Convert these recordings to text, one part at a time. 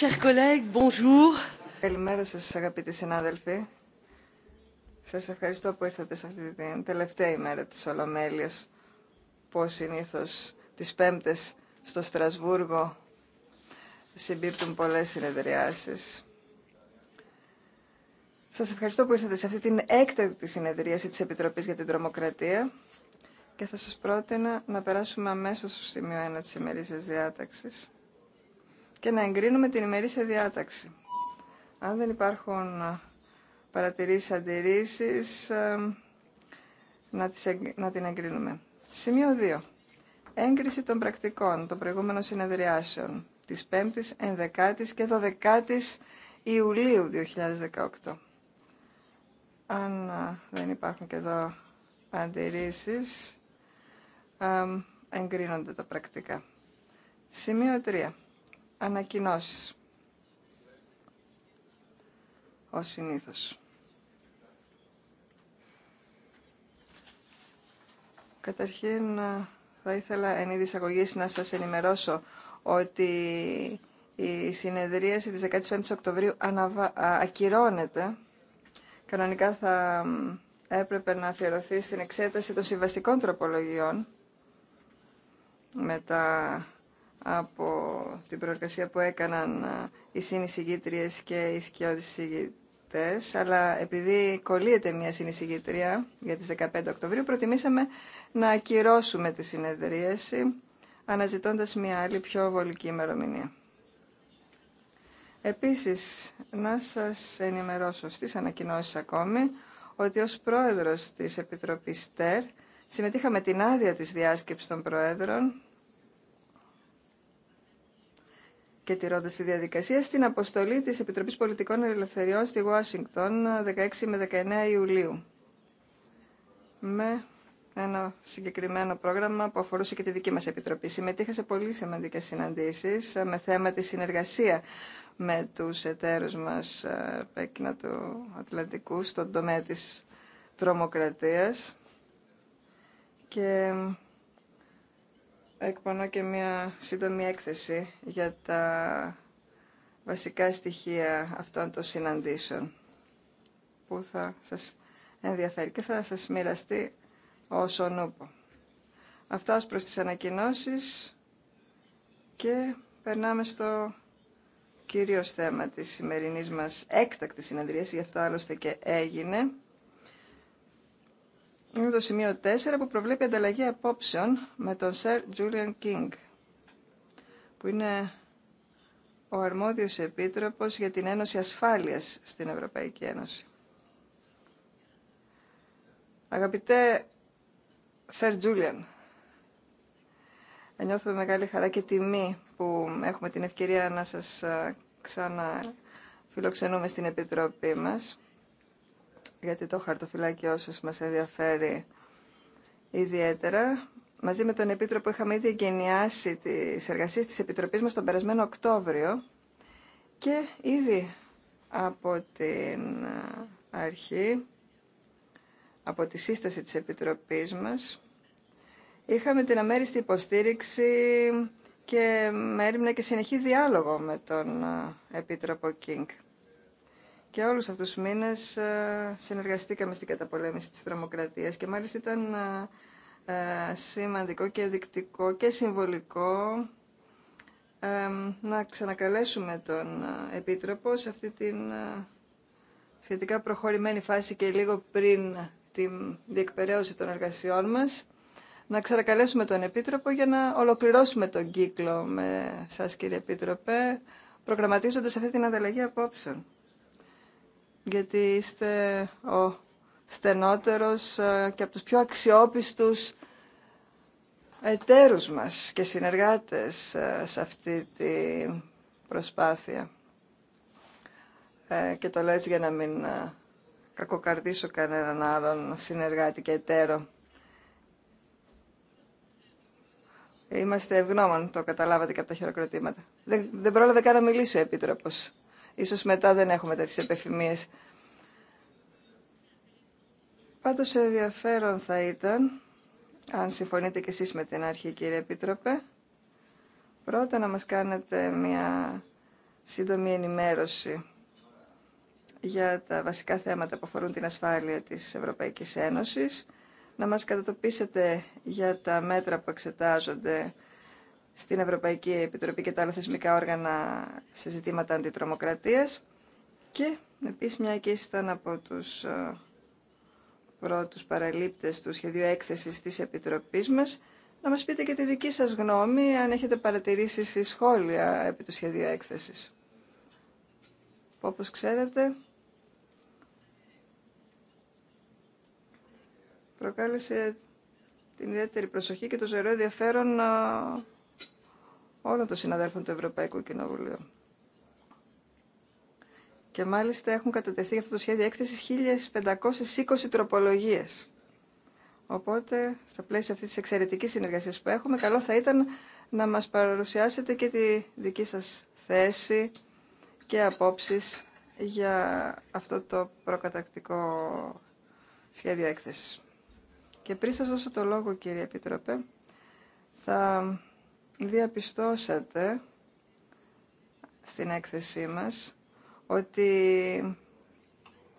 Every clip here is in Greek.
Chers collègues, bonjour. Καλημέρα σας αγαπητοί συνάδελφοι. Σας ευχαριστώ που ήρθατε σε αυτή την τελευταία ημέρα της Ολομέλειας που ως συνήθως τις Πέμπτες στο Στρασβούργο συμπίπτουν πολλές συνεδριάσεις. Σας ευχαριστώ που ήρθατε σε αυτή την έκτακτη συνεδρίαση της Επιτροπής για την Τρομοκρατία και θα σα πρότεινα να περάσουμε αμέσως στο σημείο 1 της ημερήσιας διάταξης και να εγκρίνουμε την ημερήσια διάταξη. Αν δεν υπάρχουν παρατηρήσεις, αντιρρήσεις, να, τις, να την εγκρίνουμε. Σημείο 2. Έγκριση των πρακτικών των προηγούμενων συνεδριάσεων της 5ης, 11ης και 12ης Ιουλίου 2018. Αν δεν υπάρχουν και εδώ αντιρρήσεις, εγκρίνονται τα πρακτικά. Σημείο 3 ανακοινώσεις. Ως συνήθως. Καταρχήν θα ήθελα εν είδη εισαγωγής να σας ενημερώσω ότι η συνεδρίαση της 15ης Οκτωβρίου αναβα... ακυρώνεται. Κανονικά θα έπρεπε να αφιερωθεί στην εξέταση των συμβαστικών τροπολογιών με τα από την προεργασία που έκαναν ε, οι συνεισηγήτριες και οι σκιώδεις αλλά επειδή κολλείεται μια συνεισηγήτρια για τις 15 Οκτωβρίου, προτιμήσαμε να ακυρώσουμε τη συνεδρίαση, αναζητώντας μια άλλη πιο βολική ημερομηνία. Επίσης, να σας ενημερώσω στις ανακοινώσεις ακόμη, ότι ως πρόεδρος της Επιτροπής ΤΕΡ συμμετείχαμε την άδεια της διάσκεψης των πρόεδρων και τηρώντα τη διαδικασία στην αποστολή της Επιτροπής Πολιτικών Ελευθεριών στη Washington 16 με 19 Ιουλίου με ένα συγκεκριμένο πρόγραμμα που αφορούσε και τη δική μας Επιτροπή. Συμμετείχα σε πολύ σημαντικές συναντήσεις ε, με θέμα τη συνεργασία με τους εταίρους μας ε, πέκνα του Ατλαντικού στον τομέα της τρομοκρατίας και εκπονώ και μια σύντομη έκθεση για τα βασικά στοιχεία αυτών των συναντήσεων που θα σας ενδιαφέρει και θα σας μοιραστεί όσο νούπο. Αυτά ως προς τις ανακοινώσεις και περνάμε στο κυρίως θέμα της σημερινής μας έκτακτης συνεδρίας, γι' αυτό άλλωστε και έγινε είναι το σημείο 4 που προβλέπει ανταλλαγή απόψεων με τον Sir Julian King, που είναι ο αρμόδιος επίτροπος για την Ένωση Ασφάλειας στην Ευρωπαϊκή Ένωση. Αγαπητέ Sir Julian, νιώθουμε μεγάλη χαρά και τιμή που έχουμε την ευκαιρία να σας ε, ξαναφιλοξενούμε στην Επιτροπή μας γιατί το χαρτοφυλάκιό σας μας ενδιαφέρει ιδιαίτερα. Μαζί με τον Επίτροπο είχαμε ήδη εγκαινιάσει τις εργασίες της Επιτροπής μας τον περασμένο Οκτώβριο και ήδη από την ε, αρχή, από τη σύσταση της Επιτροπής μας, είχαμε την αμέριστη υποστήριξη και με και συνεχή διάλογο με τον ε, Επίτροπο Κίνγκ. Και όλους αυτούς τους μήνες ε, συνεργαστήκαμε στην καταπολέμηση της τρομοκρατίας και μάλιστα ήταν ε, ε, σημαντικό και δεικτικό και συμβολικό να ξανακαλέσουμε τον Επίτροπο σε αυτή την σχετικά προχωρημένη φάση και λίγο πριν την διεκπαιρέωση των εργασιών μας να ξανακαλέσουμε τον Επίτροπο για να ολοκληρώσουμε τον κύκλο με σας κύριε Επίτροπε προγραμματίζοντας αυτή την ανταλλαγή απόψεων γιατί είστε ο στενότερος ε, και από τους πιο αξιόπιστους εταίρους μας και συνεργάτες ε, σε αυτή τη προσπάθεια. Ε, και το λέω έτσι για να μην κακοκαρδίσω κανέναν άλλον συνεργάτη και εταίρο. Είμαστε ευγνώμων, το καταλάβατε και από τα χειροκροτήματα. Δεν, δεν πρόλαβε καν να μιλήσει ο Επίτροπος. Ίσως μετά δεν έχουμε τέτοιες επιφημίες. Πάντως ενδιαφέρον θα ήταν, αν συμφωνείτε και εσείς με την αρχή κύριε Επίτροπε, πρώτα να μας κάνετε μια σύντομη ενημέρωση για τα βασικά θέματα που αφορούν την ασφάλεια της Ευρωπαϊκής Ένωσης, να μας κατατοπίσετε για τα μέτρα που εξετάζονται στην Ευρωπαϊκή Επιτροπή και τα άλλα θεσμικά όργανα σε ζητήματα αντιτρομοκρατίας και επίσης μια και από τους ε, πρώτους παραλήπτες του σχεδίου έκθεσης της Επιτροπής μας να μας πείτε και τη δική σας γνώμη αν έχετε παρατηρήσει ή σχόλια επί του σχεδίου έκθεσης. Όπως ξέρετε, προκάλεσε την ιδιαίτερη προσοχή και το ζωηρό ενδιαφέρον ε, όλων των συναδέλφων του Ευρωπαϊκού Κοινοβουλίου. Και μάλιστα έχουν κατατεθεί αυτό το σχέδιο έκθεση 1520 τροπολογίες. Οπότε, στα πλαίσια αυτής της εξαιρετική συνεργασία που έχουμε, καλό θα ήταν να μας παρουσιάσετε και τη δική σας θέση και απόψεις για αυτό το προκατακτικό σχέδιο έκθεσης. Και πριν σα δώσω το λόγο, κύριε Επιτροπέ, θα διαπιστώσατε στην έκθεσή μας ότι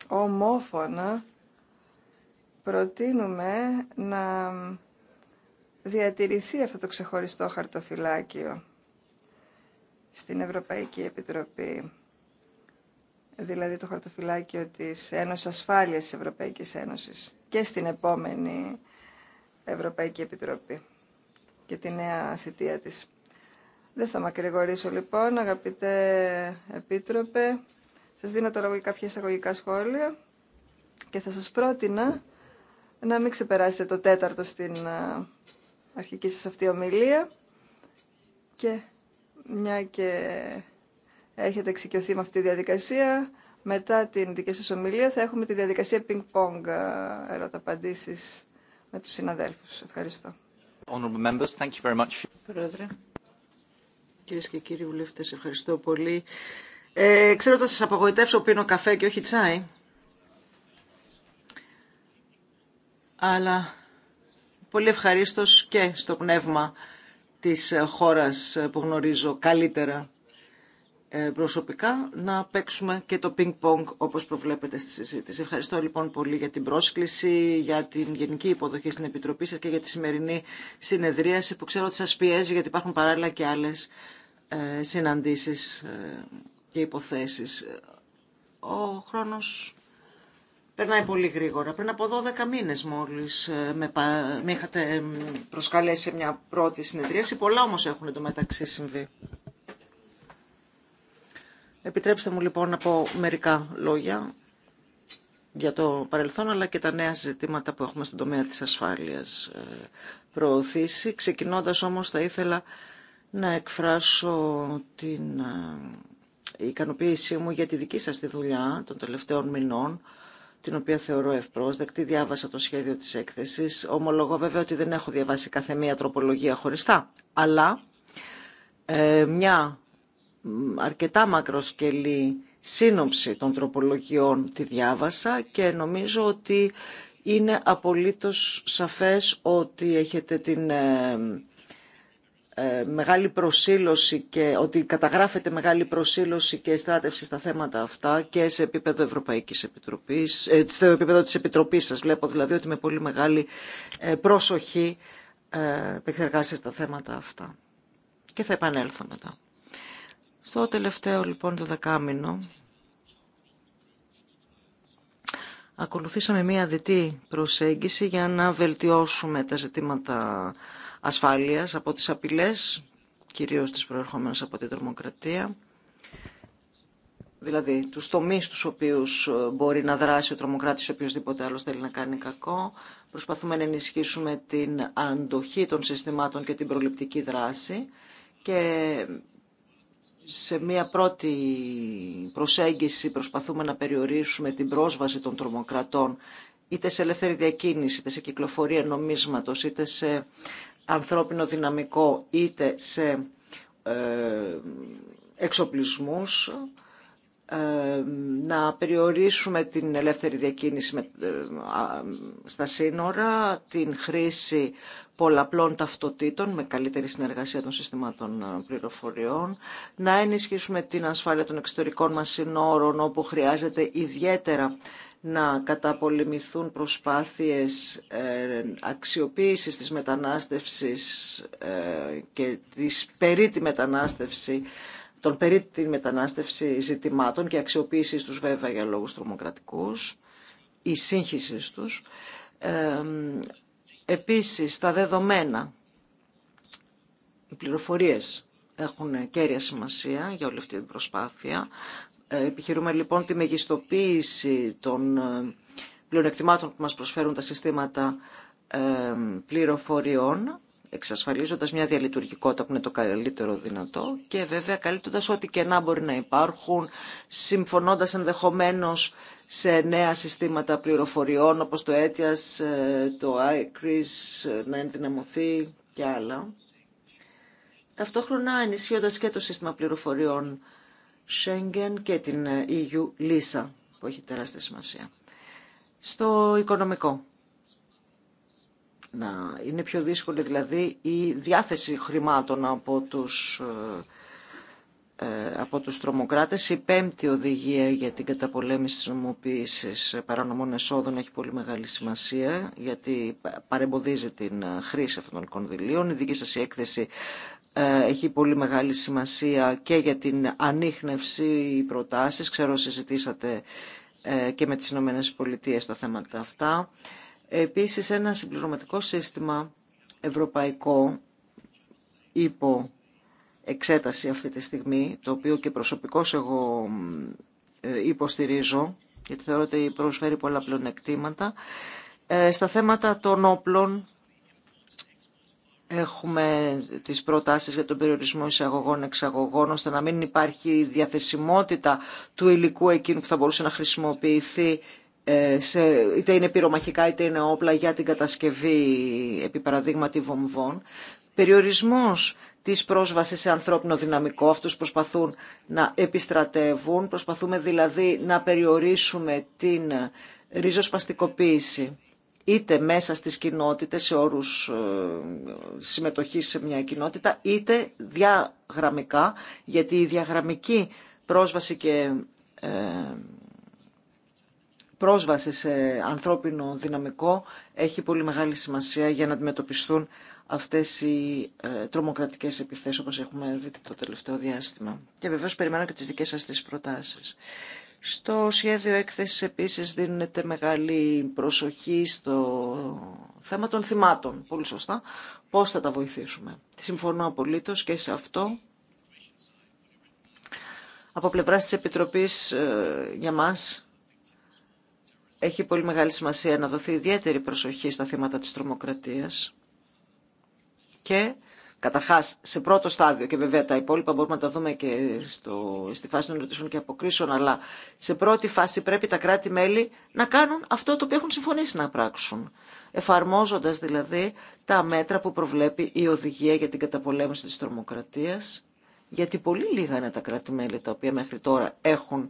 ομόφωνα προτείνουμε να διατηρηθεί αυτό το ξεχωριστό χαρτοφυλάκιο στην Ευρωπαϊκή Επιτροπή, δηλαδή το χαρτοφυλάκιο της Ένωσης Ασφάλειας της Ευρωπαϊκής Ένωσης και στην επόμενη Ευρωπαϊκή Επιτροπή και τη νέα θητεία της. Δεν θα μακρηγορήσω λοιπόν, αγαπητέ Επίτροπε. Σας δίνω τώρα και κάποια εισαγωγικά σχόλια και θα σας πρότεινα να μην ξεπεράσετε το τέταρτο στην αρχική σας αυτή ομιλία και μια και έχετε εξοικειωθεί με αυτή τη διαδικασία, μετά την δική σας ομιλία θα έχουμε τη διαδικασία ping-pong ερώτα με τους συναδέλφους. Ευχαριστώ. Members, και κύριοι βουλευτές, ευχαριστώ πολύ. Ε, ξέρω ότι θα σας απογοητεύσω πίνω καφέ και όχι τσάι. Αλλά πολύ ευχαρίστως και στο πνεύμα της χώρας που γνωρίζω καλύτερα ε, προσωπικά να παίξουμε και το πινκ pong όπως προβλέπετε στη συζήτηση. Ευχαριστώ λοιπόν πολύ για την πρόσκληση, για την γενική υποδοχή στην Επιτροπή σας και για τη σημερινή συνεδρίαση που ξέρω ότι σας πιέζει γιατί υπάρχουν παράλληλα και άλλες ε, συναντήσεις ε, και υποθέσεις. Ο χρόνος περνάει πολύ γρήγορα. Πριν από 12 μήνες μόλις με, με είχατε προσκαλέσει μια πρώτη συνεδρίαση. Πολλά όμως έχουν το μεταξύ συμβεί. Επιτρέψτε μου λοιπόν να πω μερικά λόγια για το παρελθόν αλλά και τα νέα ζητήματα που έχουμε στον τομέα της ασφάλειας ε, προωθήσει. Ξεκινώντας όμως θα ήθελα να εκφράσω την ε, ικανοποίησή μου για τη δική σας τη δουλειά των τελευταίων μηνών την οποία θεωρώ ευπρόσδεκτη, διάβασα το σχέδιο της έκθεσης. Ομολογώ βέβαια ότι δεν έχω διαβάσει κάθε μία τροπολογία χωριστά, αλλά ε, μια αρκετά μακροσκελή σύνοψη των τροπολογιών τη διάβασα και νομίζω ότι είναι απολύτως σαφές ότι έχετε την ε, ε, μεγάλη προσήλωση και ότι καταγράφεται μεγάλη προσήλωση και στράτευση στα θέματα αυτά και σε επίπεδο Ευρωπαϊκής Επιτροπής, ε, στο επίπεδο της Επιτροπής σας βλέπω δηλαδή ότι με πολύ μεγάλη πρόσοχη επεξεργάζεστε τα θέματα αυτά. Και θα επανέλθω μετά. Το τελευταίο λοιπόν το δεκάμινο ακολουθήσαμε μία διτή προσέγγιση για να βελτιώσουμε τα ζητήματα ασφάλειας από τις απειλές, κυρίως τις προερχόμενες από την τρομοκρατία, δηλαδή τους τομείς τους οποίους ε, μπορεί να δράσει ο τρομοκράτης, ο οποιοδήποτε άλλος θέλει να κάνει κακό. Προσπαθούμε να ενισχύσουμε την αντοχή των συστημάτων και την προληπτική δράση και σε μία πρώτη προσέγγιση προσπαθούμε να περιορίσουμε την πρόσβαση των τρομοκρατών είτε σε ελεύθερη διακίνηση, είτε σε κυκλοφορία νομίσματος, είτε σε ανθρώπινο δυναμικό, είτε σε ε, εξοπλισμούς να περιορίσουμε την ελεύθερη διακίνηση ε, στα σύνορα, την χρήση πολλαπλών ταυτοτήτων με καλύτερη συνεργασία των συστημάτων ε, πληροφοριών, να ενισχύσουμε την ασφάλεια των εξωτερικών μας σύνορων όπου χρειάζεται ιδιαίτερα να καταπολεμηθούν προσπάθειες ε, αξιοποίησης της μετανάστευσης και της περί τη μετανάστευση τον περί μετανάστευση ζητημάτων και αξιοποίησης τους βέβαια για λόγους τρομοκρατικούς ή σύγχυσή τους. Ε, επίσης, τα δεδομένα, οι πληροφορίες έχουν κέρια σημασία για όλη αυτή την προσπάθεια. Ε, επιχειρούμε λοιπόν τη μεγιστοποίηση των ε, πλεονεκτημάτων που μας προσφέρουν τα συστήματα πληροφοριών εξασφαλίζοντας μια διαλειτουργικότητα που είναι το καλύτερο δυνατό και βέβαια καλύπτοντας ό,τι κενά μπορεί να υπάρχουν, συμφωνώντας ενδεχομένως σε νέα συστήματα πληροφοριών όπως το ETIAS, ε, το iCris ε, να ενδυναμωθεί και άλλα. Ταυτόχρονα ενισχύοντας και το σύστημα πληροφοριών Schengen και την ε, EU LISA που έχει τεράστια σημασία. Στο οικονομικό να είναι πιο δύσκολη δηλαδή η διάθεση χρημάτων από τους, ε, ε, από τους τρομοκράτες. Η πέμπτη οδηγία για την καταπολέμηση της νομοποίησης παρανομών εσόδων έχει πολύ μεγάλη σημασία γιατί παρεμποδίζει την ε, χρήση αυτών των κονδυλίων. Η δική σας έκθεση έχει πολύ μεγάλη σημασία και για την ανείχνευση προτάσεις. Ξέρω συζητήσατε και με τις Ηνωμένε Πολιτείες τα θέματα αυτά. Επίσης ένα συμπληρωματικό σύστημα ευρωπαϊκό υπό εξέταση αυτή τη στιγμή, το οποίο και προσωπικώς εγώ ε, υποστηρίζω, γιατί θεωρώ ότι προσφέρει πολλά πλεονεκτήματα. Ε, στα θέματα των όπλων έχουμε τις προτάσεις για τον περιορισμό εισαγωγών-εξαγωγών, ώστε να μην υπάρχει διαθεσιμότητα του υλικού εκείνου που θα μπορούσε να χρησιμοποιηθεί ε, είτε είναι πυρομαχικά είτε είναι όπλα για την κατασκευή επί παραδείγματι βομβών. Περιορισμός της πρόσβασης σε ανθρώπινο δυναμικό, αυτούς προσπαθούν να επιστρατεύουν, προσπαθούμε δηλαδή να περιορίσουμε την ριζοσπαστικοποίηση είτε μέσα στις κοινότητες, σε όρους ε, συμμετοχής σε μια κοινότητα, είτε διαγραμμικά, γιατί η διαγραμμική πρόσβαση και ε, πρόσβαση σε ανθρώπινο δυναμικό έχει πολύ μεγάλη σημασία για να αντιμετωπιστούν αυτές οι ε, τρομοκρατικές επιθέσεις όπως έχουμε δει το τελευταίο διάστημα. Και βεβαίως περιμένω και τις δικές σας τις προτάσεις. Στο σχέδιο έκθεσης επίσης δίνεται μεγάλη προσοχή στο θέμα των θυμάτων, πολύ σωστά, πώς θα τα βοηθήσουμε. Συμφωνώ απολύτως και σε αυτό. Από πλευράς της Επιτροπής ε, για μας έχει πολύ μεγάλη σημασία να δοθεί ιδιαίτερη προσοχή στα θέματα της τρομοκρατίας και Καταρχά, σε πρώτο στάδιο και βέβαια τα υπόλοιπα μπορούμε να τα δούμε και στο, στη φάση των ερωτήσεων και αποκρίσεων, αλλά σε πρώτη φάση πρέπει τα κράτη-μέλη να κάνουν αυτό το οποίο έχουν συμφωνήσει να πράξουν. εφαρμόζοντας δηλαδή τα μέτρα που προβλέπει η οδηγία για την καταπολέμηση της τρομοκρατίας γιατί πολύ λίγα είναι τα κράτη-μέλη τα οποία μέχρι τώρα έχουν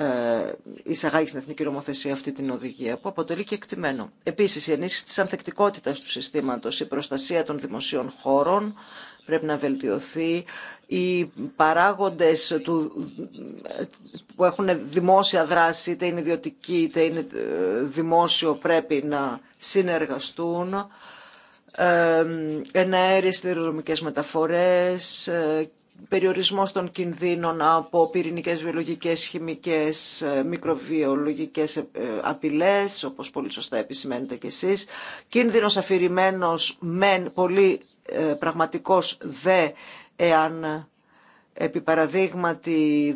ε, εισαγάγει στην εθνική νομοθεσία αυτή την οδηγία, που αποτελεί και εκτιμένο. Επίσης, η ενίσχυση της ανθεκτικότητας του συστήματος, η προστασία των δημοσίων χώρων πρέπει να βελτιωθεί, οι παράγοντες που έχουν δημόσια δράση, είτε είναι ιδιωτική είτε είναι ε, δημόσιο, πρέπει να συνεργαστούν, ε, εναέριες στις μεταφορές περιορισμός των κινδύνων από πυρηνικές, βιολογικές, χημικές, ε, μικροβιολογικές ε, απειλές, όπως πολύ σωστά επισημαίνετε κι εσείς, κίνδυνος αφηρημένος μεν πολύ ε, πραγματικός δε εάν επί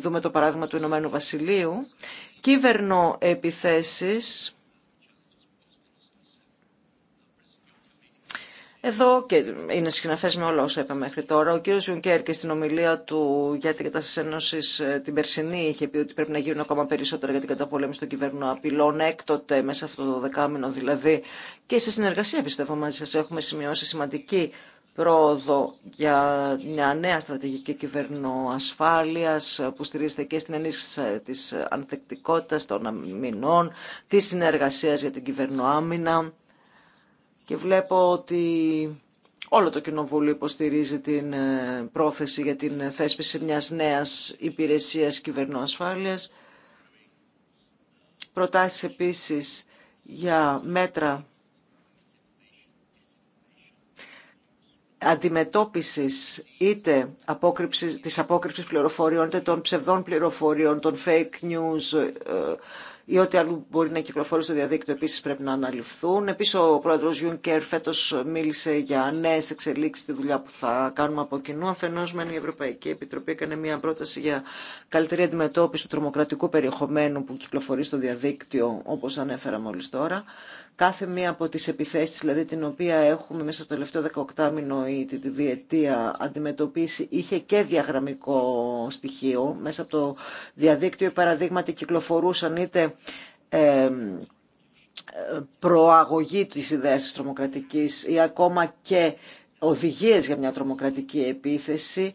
δούμε το παράδειγμα του Ηνωμένου Βασιλείου, κύβερνο επιθέσεις Εδώ και είναι συγγραφέ με όλα όσα είπαμε μέχρι τώρα. Ο κ. Γιουνκέρ και στην ομιλία του για την κατάσταση ένωση ε, την περσινή είχε πει ότι πρέπει να γίνουν ακόμα περισσότερα για την καταπολέμηση των κυβερνών απειλών. Έκτοτε, μέσα αυτό το δεκάμινο δηλαδή, και σε συνεργασία πιστεύω μαζί σα, έχουμε σημειώσει σημαντική πρόοδο για μια νέα στρατηγική κυβερνό ε, που στηρίζεται και στην ενίσχυση της ε, ανθεκτικότητας των αμυνών, τη συνεργασία για την κυβερνοάμυνα και βλέπω ότι όλο το Κοινοβούλιο υποστηρίζει την ε, πρόθεση για την θέσπιση μιας νέας υπηρεσίας κυβερνοασφάλειας. Προτάσεις επίσης για μέτρα αντιμετώπισης είτε απόκρυψης, της απόκρυψης πληροφοριών είτε των ψευδών πληροφοριών, των fake news, ε, ή ό,τι άλλο μπορεί να κυκλοφορεί στο διαδίκτυο επίση πρέπει να αναλυφθούν. Επίση, ο πρόεδρος Γιούνκερ φέτο μίλησε για νέε εξελίξει στη δουλειά που θα κάνουμε από κοινού. Αφενός η Ευρωπαϊκή Επιτροπή έκανε μια πρόταση για καλύτερη αντιμετώπιση του τρομοκρατικού περιεχομένου που κυκλοφορεί στο διαδίκτυο όπω ανέφερα μόλι τώρα κάθε μία από τις επιθέσεις, δηλαδή την οποία έχουμε μέσα το τελευταίο 18 μήνο ή τη διετία αντιμετωπίσει, είχε και διαγραμμικό στοιχείο. Μέσα από το διαδίκτυο, παραδείγματι, κυκλοφορούσαν είτε προαγωγή της ιδέας της τρομοκρατικής ή ακόμα και οδηγίες για μια τρομοκρατική επίθεση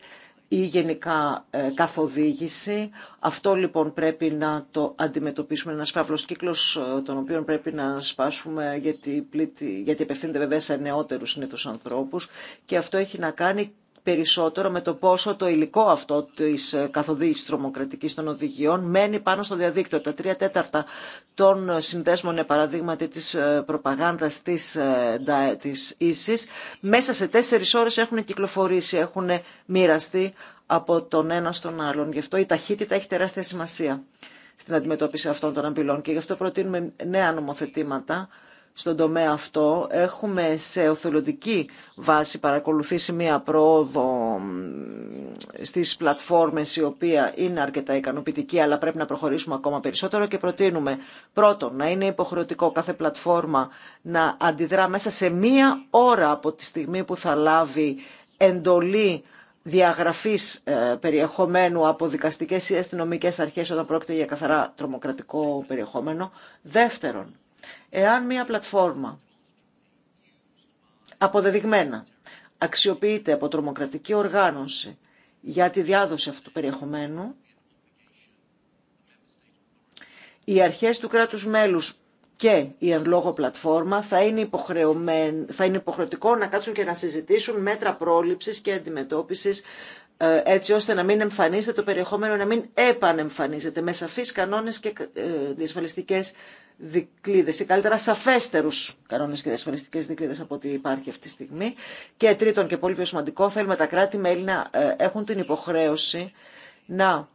ή γενικά ε, καθοδήγηση. Αυτό λοιπόν πρέπει να το αντιμετωπίσουμε. Ένα φαύλο κύκλο, ε, τον οποίο πρέπει να σπάσουμε, γιατί, πλήτη, γιατί απευθύνεται βέβαια σε νεότερου συνήθω ανθρώπου. Και αυτό έχει να κάνει περισσότερο με το πόσο το υλικό αυτό της ε, καθοδήγηση τρομοκρατικής των οδηγιών μένει πάνω στο διαδίκτυο. Τα τρία τέταρτα των συνδέσμων, για παραδείγματι, της ε, προπαγάνδας της, ε, της ίσης, μέσα σε τέσσερι ώρες έχουν κυκλοφορήσει, έχουν μοιραστεί από τον ένα στον άλλον. Γι' αυτό η ταχύτητα έχει τεράστια σημασία στην αντιμετώπιση αυτών των απειλών και γι' αυτό προτείνουμε νέα νομοθετήματα στον τομέα αυτό. Έχουμε σε οθελοντική βάση παρακολουθήσει μία πρόοδο στις πλατφόρμες η οποία είναι αρκετά ικανοποιητική αλλά πρέπει να προχωρήσουμε ακόμα περισσότερο και προτείνουμε πρώτον να είναι υποχρεωτικό κάθε πλατφόρμα να αντιδρά μέσα σε μία ώρα από τη στιγμή που θα λάβει εντολή διαγραφής ε, περιεχομένου από δικαστικές ή αστυνομικές αρχές όταν πρόκειται για καθαρά τρομοκρατικό περιεχόμενο. Δεύτερον, Εάν μια πλατφόρμα αποδεδειγμένα αξιοποιείται από τρομοκρατική οργάνωση για τη διάδοση αυτού του περιεχομένου, οι αρχές του κράτους μέλους και η εν λόγω πλατφόρμα θα είναι, θα είναι υποχρεωτικό να κάτσουν και να συζητήσουν μέτρα πρόληψης και αντιμετώπισης ε, έτσι ώστε να μην εμφανίζεται το περιεχόμενο, να μην επανεμφανίζεται με σαφείς κανόνες και ε, διασφαλιστικές δικλείδες ή καλύτερα σαφέστερους κανόνες και διασφαλιστικές δικλείδες από ό,τι υπάρχει αυτή τη στιγμή. Και τρίτον και πολύ πιο σημαντικό, θέλουμε τα κράτη-μέλη να ε, έχουν την υποχρέωση να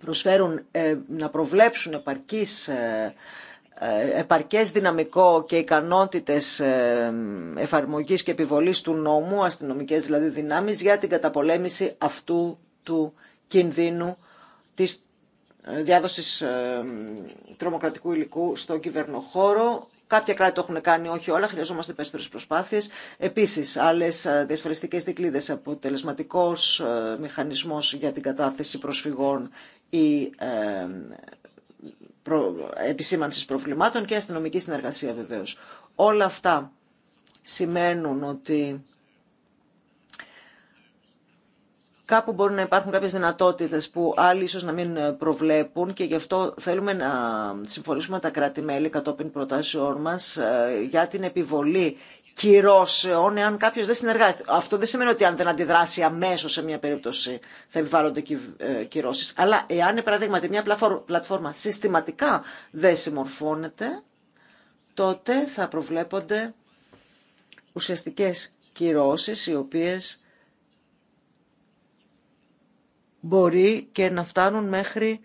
προσφέρουν, να προβλέψουν επαρκείς ε, επαρκές δυναμικό και ικανότητες ε, εφαρμογής και επιβολής του νόμου, αστυνομικές δηλαδή δυνάμεις, για την καταπολέμηση αυτού του κινδύνου της ε, διάδοσης τρομοκρατικού υλικού στον κυβερνοχώρο. Κάποια κράτη το έχουν κάνει, όχι όλα, χρειαζόμαστε περισσότερες προσπάθειε. Επίση, άλλε διασφαλιστικέ δικλείδε, αποτελεσματικό μηχανισμό για την κατάθεση προσφυγών ή επισήμανσης προβλημάτων και αστυνομική συνεργασία βεβαίως. Όλα αυτά σημαίνουν ότι κάπου μπορούν να υπάρχουν κάποιες δυνατότητες που άλλοι ίσως να μην ε, προβλέπουν και γι' αυτό θέλουμε να συμφωνήσουμε τα κράτη-μέλη κατόπιν προτάσεών μας ε, για την επιβολή κυρώσεων εάν κάποιο δεν συνεργάζεται. Αυτό δεν σημαίνει ότι αν δεν αντιδράσει αμέσω σε μια περίπτωση θα επιβάλλονται ε, κυρώσει. Αλλά εάν, παραδείγματι, μια πλατφόρμα συστηματικά δεν συμμορφώνεται, τότε θα προβλέπονται ουσιαστικέ κυρώσεις οι οποίε μπορεί και να φτάνουν μέχρι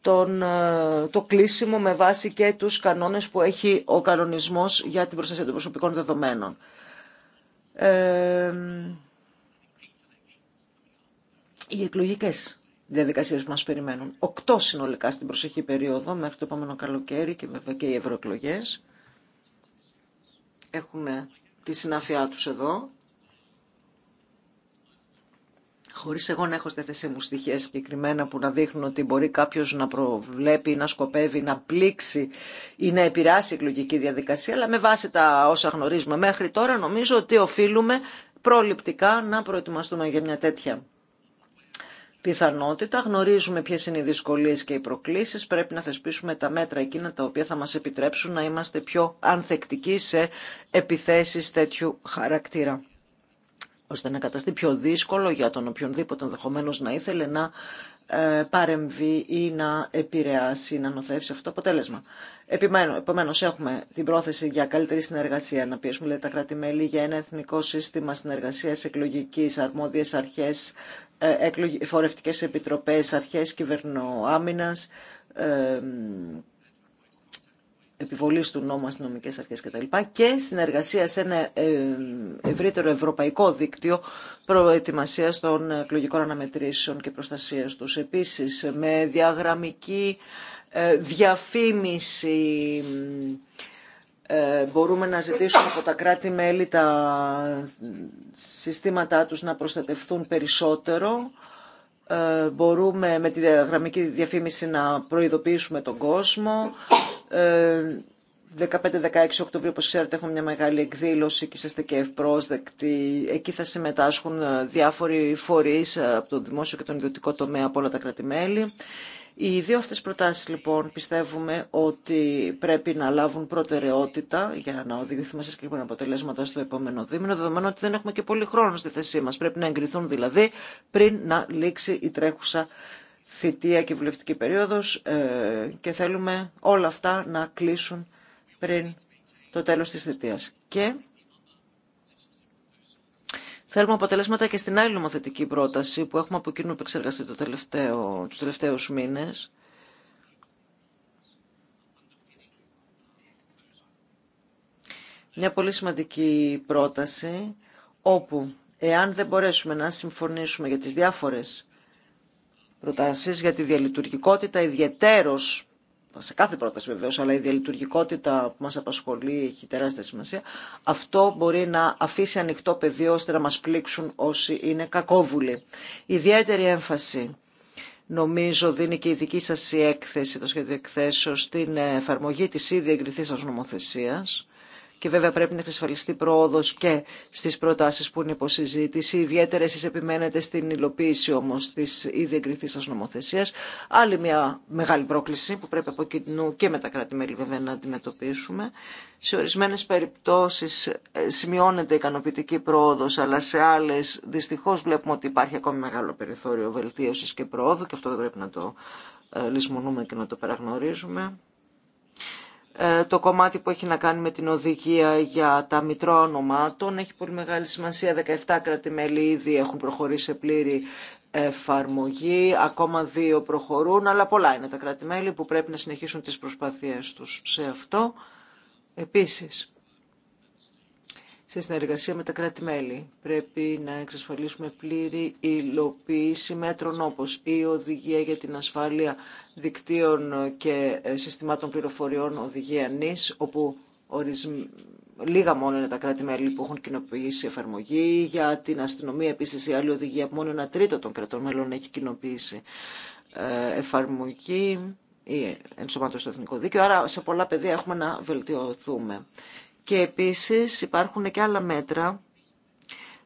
τον, ε, το κλείσιμο με βάση και τους κανόνες που έχει ο κανονισμός για την προστασία των προσωπικών δεδομένων. Ε, οι εκλογικέ διαδικασίες που μας περιμένουν. Οκτώ συνολικά στην προσεχή περίοδο μέχρι το επόμενο καλοκαίρι και βέβαια και οι ευρωεκλογέ. Έχουν τη συνάφειά τους εδώ χωρίς εγώ να έχω στη μου στοιχεία συγκεκριμένα που να δείχνουν ότι μπορεί κάποιος να προβλέπει, να σκοπεύει, να πλήξει ή να επηρεάσει η εκλογική διαδικασία, αλλά με βάση τα όσα γνωρίζουμε μέχρι τώρα νομίζω ότι οφείλουμε προληπτικά να προετοιμαστούμε για μια τέτοια πιθανότητα. Γνωρίζουμε ποιες είναι οι δυσκολίες και οι προκλήσεις. Πρέπει να θεσπίσουμε τα μέτρα εκείνα τα οποία θα μας επιτρέψουν να είμαστε πιο ανθεκτικοί σε επιθέσεις τέτοιου χαρακτήρα ώστε να καταστεί πιο δύσκολο για τον οποιονδήποτε ενδεχομένω να ήθελε να ε, παρεμβεί ή να επηρεάσει ή να νοθεύσει αυτό το αποτέλεσμα. Επομένω, έχουμε την πρόθεση για καλύτερη συνεργασία, να πιέσουμε τα κράτη-μέλη για ένα εθνικό σύστημα συνεργασία εκλογική, αρμόδιε αρχέ, ε, φορευτικέ επιτροπέ, αρχέ κυβερνοάμυνα, ε, Επιβολή του νόμου αστυνομικέ αρχές κτλ. και συνεργασία σε ένα ε, ευρύτερο ευρωπαϊκό δίκτυο προετοιμασία των εκλογικών αναμετρήσεων και προστασίας τους. Επίσης με διαγραμμική ε, διαφήμιση ε, μπορούμε να ζητήσουμε από τα κράτη-μέλη τα συστήματά τους να προστατευθούν περισσότερο μπορούμε με τη διαγραμμική διαφήμιση να προειδοποιήσουμε τον κόσμο, 15-16 ε, Οκτωβρίου, όπως ξέρετε, έχουμε μια μεγάλη εκδήλωση και είστε και ευπρόσδεκτοι. Εκεί θα συμμετάσχουν ε, διάφοροι φορείς ε, από τον δημόσιο και τον ιδιωτικό τομέα από όλα τα κρατημέλη. Οι δύο αυτές προτάσεις λοιπόν πιστεύουμε ότι πρέπει να λάβουν προτεραιότητα για να οδηγηθούμε σε συγκεκριμένα αποτελέσματα στο επόμενο δίμηνο, δεδομένου ότι δεν έχουμε και πολύ χρόνο στη θέσή μας. Πρέπει να εγκριθούν δηλαδή πριν να λήξει η τρέχουσα θητεία και βουλευτική περίοδος ε, και θέλουμε όλα αυτά να κλείσουν πριν το τέλος της θητείας. Και θέλουμε αποτελέσματα και στην άλλη νομοθετική πρόταση που έχουμε από κοινού επεξεργαστεί το τελευταίο, τους τελευταίους μήνες. Μια πολύ σημαντική πρόταση όπου εάν δεν μπορέσουμε να συμφωνήσουμε για τις διάφορες προτάσεις για τη διαλειτουργικότητα ιδιαιτέρω σε κάθε πρόταση βεβαίω, αλλά η διαλειτουργικότητα που μα απασχολεί έχει τεράστια σημασία. Αυτό μπορεί να αφήσει ανοιχτό πεδίο ώστε να μα πλήξουν όσοι είναι κακόβουλοι. Ιδιαίτερη έμφαση νομίζω δίνει και η δική σας η έκθεση, το σχέδιο εκθέσεως, στην εφαρμογή της ήδη εγκριθής σας νομοθεσίας και βέβαια πρέπει να εξασφαλιστεί πρόοδο και στι προτάσει που είναι υποσυζήτηση. Ιδιαίτερα εσεί επιμένετε στην υλοποίηση όμω τη ήδη εγκριθής σα νομοθεσία. Άλλη μια μεγάλη πρόκληση που πρέπει από κοινού και με τα κράτη-μέλη βέβαια να αντιμετωπίσουμε. Σε ορισμένες περιπτώσεις ε, σημειώνεται ικανοποιητική πρόοδο, αλλά σε άλλε. Δυστυχώ βλέπουμε ότι υπάρχει ακόμη μεγάλο περιθώριο βελτίωση και πρόοδου και αυτό δεν πρέπει να το ε, λησμονούμε και να το παραγνωρίζουμε. Ε, το κομμάτι που έχει να κάνει με την οδηγία για τα μητρώα ονομάτων έχει πολύ μεγάλη σημασία. 17 κράτη-μέλη ήδη έχουν προχωρήσει σε πλήρη εφαρμογή, ακόμα δύο προχωρούν, αλλά πολλά είναι τα κράτη-μέλη που πρέπει να συνεχίσουν τις προσπάθειές τους σε αυτό. Επίσης, σε συνεργασία με τα κράτη-μέλη. Πρέπει να εξασφαλίσουμε πλήρη υλοποίηση μέτρων όπως η οδηγία για την ασφάλεια δικτύων και ε, συστημάτων πληροφοριών οδηγία νης, όπου Λίγα μόνο είναι τα κράτη-μέλη που έχουν κοινοποιήσει εφαρμογή. Για την αστυνομία επίσης η άλλη οδηγία που μόνο ένα τρίτο των κρατών μέλων έχει κοινοποιήσει ε, εφαρμογή ή ενσωμάτωση στο εθνικό δίκαιο. Άρα σε πολλά πεδία έχουμε να βελτιωθούμε. Και επίσης υπάρχουν και άλλα μέτρα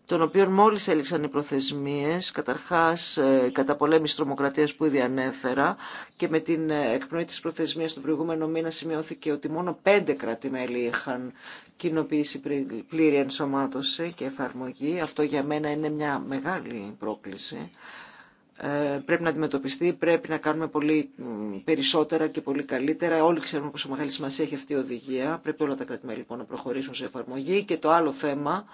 των οποίων μόλις έληξαν οι προθεσμίες, καταρχάς ε, κατά πολέμηση τρομοκρατίας που ήδη ανέφερα και με την ε, εκπνοή της προθεσμίας τον προηγούμενο μήνα σημειώθηκε ότι μόνο πέντε κράτη-μέλη είχαν κοινοποιήσει πλήρη ενσωμάτωση και εφαρμογή. Αυτό για μένα είναι μια μεγάλη πρόκληση ε, πρέπει να αντιμετωπιστεί, πρέπει να κάνουμε πολύ περισσότερα και πολύ καλύτερα. Όλοι ξέρουμε πόσο μεγάλη σημασία έχει αυτή η οδηγία. Πρέπει όλα τα κρατημένα λοιπόν να προχωρήσουν σε εφαρμογή. Και το άλλο θέμα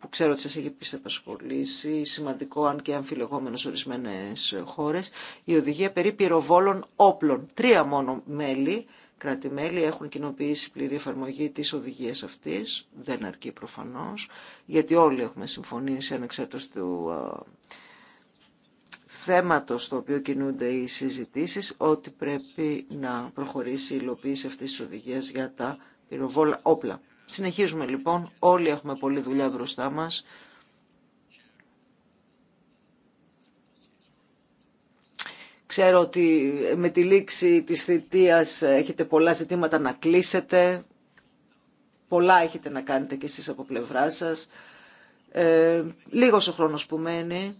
που ξέρω ότι σας έχει επίσης απασχολήσει, σημαντικό αν και αμφιλεγόμενο σε ορισμένες χώρες, η οδηγία περί πυροβόλων όπλων. Τρία μόνο μέλη, έχουν κοινοποιήσει πλήρη εφαρμογή της οδηγίας αυτής, δεν αρκεί προφανώς, γιατί όλοι έχουμε συμφωνήσει ανεξάρτητος του θέματος στο οποίο κινούνται οι συζητήσεις ότι πρέπει να προχωρήσει η υλοποίηση αυτής της οδηγίας για τα πυροβόλα όπλα. Συνεχίζουμε λοιπόν, όλοι έχουμε πολλή δουλειά μπροστά μας. Ξέρω ότι με τη λήξη της θητείας έχετε πολλά ζητήματα να κλείσετε, πολλά έχετε να κάνετε κι εσείς από πλευρά σας. Ε, λίγος ο χρόνος που μένει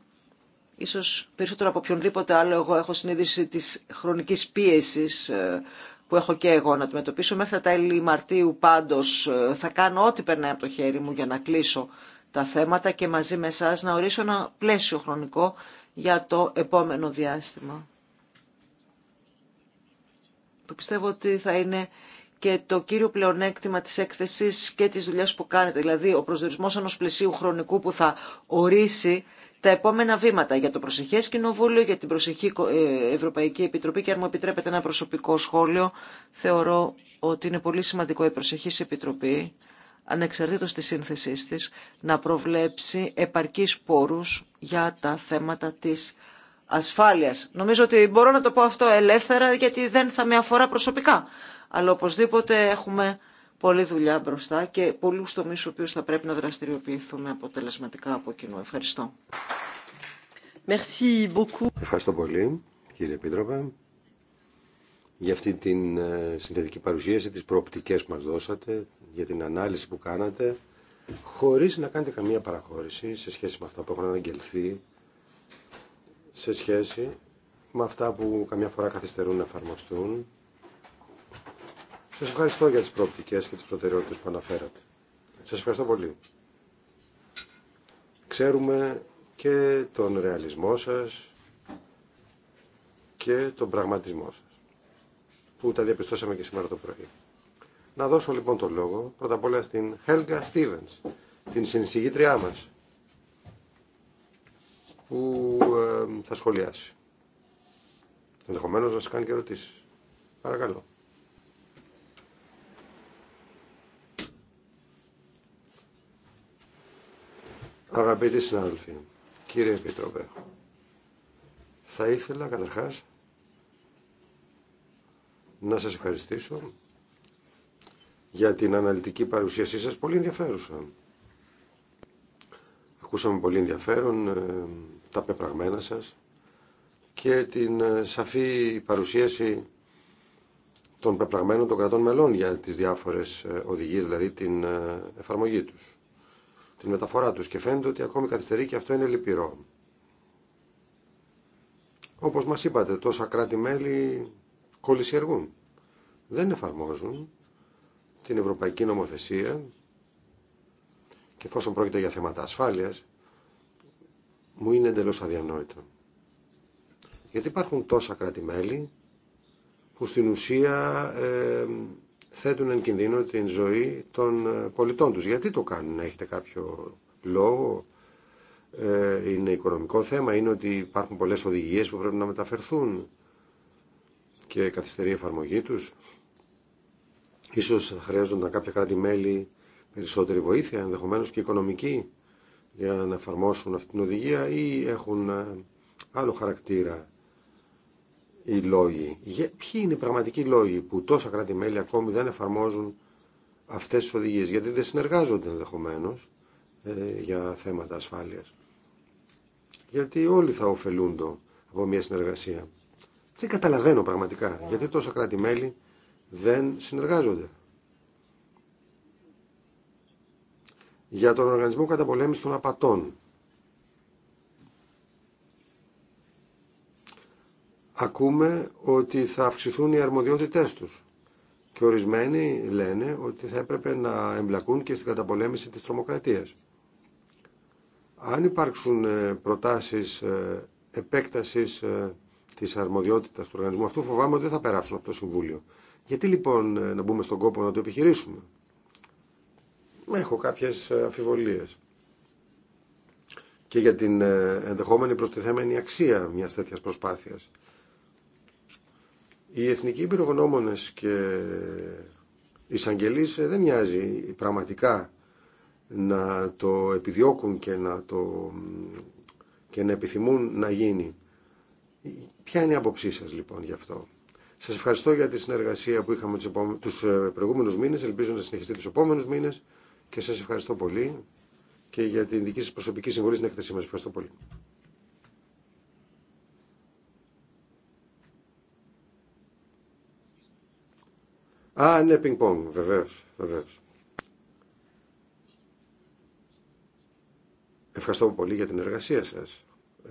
Ίσως περισσότερο από οποιονδήποτε άλλο εγώ έχω συνείδηση της χρονικής πίεσης ε, που έχω και εγώ να αντιμετωπίσω. Μέχρι τα τέλη Μαρτίου πάντως ε, θα κάνω ό,τι περνάει από το χέρι μου για να κλείσω τα θέματα και μαζί με εσά να ορίσω ένα πλαίσιο χρονικό για το επόμενο διάστημα. Που πιστεύω ότι θα είναι και το κύριο πλεονέκτημα της έκθεσης και της δουλειάς που κάνετε, δηλαδή ο προσδιορισμός ενός πλαισίου χρονικού που θα ορίσει τα επόμενα βήματα για το προσεχέ κοινοβούλιο, για την προσεχή ε, Ευρωπαϊκή Επιτροπή και αν μου επιτρέπετε ένα προσωπικό σχόλιο, θεωρώ ότι είναι πολύ σημαντικό η προσεχής Επιτροπή, ανεξαρτήτως της σύνθεσής της, να προβλέψει επαρκείς πόρους για τα θέματα της ασφάλειας. Νομίζω ότι μπορώ να το πω αυτό ελεύθερα γιατί δεν θα με αφορά προσωπικά. Αλλά οπωσδήποτε έχουμε πολλή δουλειά μπροστά και πολλού τομεί στου οποίου θα πρέπει να δραστηριοποιηθούμε αποτελεσματικά από κοινού. Ευχαριστώ. Ευχαριστώ πολύ, κύριε Επίτροπε, για αυτή τη ε, συνθετική παρουσίαση, τις προοπτικές που μας δώσατε, για την ανάλυση που κάνατε, χωρίς να κάνετε καμία παραχώρηση σε σχέση με αυτά που έχουν αναγγελθεί, σε σχέση με αυτά που καμιά φορά καθυστερούν να εφαρμοστούν Σα ευχαριστώ για τι προοπτικέ και τι προτεραιότητες που αναφέρατε. Σας ευχαριστώ πολύ. Ξέρουμε και τον ρεαλισμό σας και τον πραγματισμό σας, που τα διαπιστώσαμε και σήμερα το πρωί. Να δώσω λοιπόν το λόγο πρώτα απ' όλα στην Helga Stevens, την συνεισηγήτριά μας, που ε, θα σχολιάσει. Ενδεχομένω να σας κάνει και ερωτήσεις. Παρακαλώ. Αγαπητοί συνάδελφοι, κύριε Επίτροπε, θα ήθελα καταρχάς να σας ευχαριστήσω για την αναλυτική παρουσίασή σας, πολύ ενδιαφέρουσα. Ακούσαμε πολύ ενδιαφέρον ε, τα πεπραγμένα σας και την ε, σαφή παρουσίαση των πεπραγμένων των κρατών μελών για τις διάφορες ε, οδηγίες, δηλαδή την εφαρμογή τους την μεταφορά τους και φαίνεται ότι ακόμη καθυστερεί και αυτό είναι λυπηρό. Όπως μας είπατε, τόσα κράτη-μέλη κολλησιεργούν. Δεν εφαρμόζουν την ευρωπαϊκή νομοθεσία και εφόσον πρόκειται για θέματα ασφάλειας, μου είναι εντελώς αδιανόητο. Γιατί υπάρχουν τόσα κράτη-μέλη που στην ουσία ε, θέτουν εν κινδύνο την ζωή των ε, πολιτών τους. Γιατί το κάνουν, έχετε κάποιο λόγο, ε, είναι οικονομικό θέμα, είναι ότι υπάρχουν πολλές οδηγίες που πρέπει να μεταφερθούν και καθυστερεί η εφαρμογή τους. Ίσως χρειάζονταν κάποια κράτη-μέλη περισσότερη βοήθεια, ενδεχομένως και οικονομική, για να εφαρμόσουν αυτή την οδηγία ή έχουν ε, άλλο χαρακτήρα οι λόγοι. Ποιοι είναι οι πραγματικοί λόγοι που τόσα κράτη-μέλη ακόμη δεν εφαρμόζουν αυτές τι οδηγίες, γιατί δεν συνεργάζονται ενδεχομένω ε, για θέματα ασφάλειας. Γιατί όλοι θα ωφελούνται από μια συνεργασία. Δεν καταλαβαίνω πραγματικά γιατί τόσα κράτη-μέλη δεν συνεργάζονται. Για τον Οργανισμό Καταπολέμησης των Απατών ακούμε ότι θα αυξηθούν οι αρμοδιότητές τους. Και ορισμένοι λένε ότι θα έπρεπε να εμπλακούν και στην καταπολέμηση της τρομοκρατίας. Αν υπάρξουν ε, προτάσεις ε, επέκτασης ε, της αρμοδιότητας του οργανισμού αυτού, φοβάμαι ότι δεν θα περάσουν από το Συμβούλιο. Γιατί λοιπόν να μπούμε στον κόπο να το επιχειρήσουμε. Έχω κάποιες αμφιβολίες και για την ενδεχόμενη προστιθέμενη αξία μιας τέτοιας προσπάθειας. Οι εθνικοί πυρογνώμονε και οι εισαγγελείς ε, δεν μοιάζει πραγματικά να το επιδιώκουν και να, το, και να επιθυμούν να γίνει. Ποια είναι η άποψή σας λοιπόν γι' αυτό. Σας ευχαριστώ για τη συνεργασία που είχαμε τους ε, προηγούμενους μήνες, ελπίζω να συνεχιστεί τους επόμενους μήνες και σας ευχαριστώ πολύ και για την δική σας προσωπική συμβολή στην έκθεσή μας. Ευχαριστώ πολύ. Α, ναι, πινκ πονγκ, βεβαίως, βεβαίως. Ευχαριστώ πολύ για την εργασία σας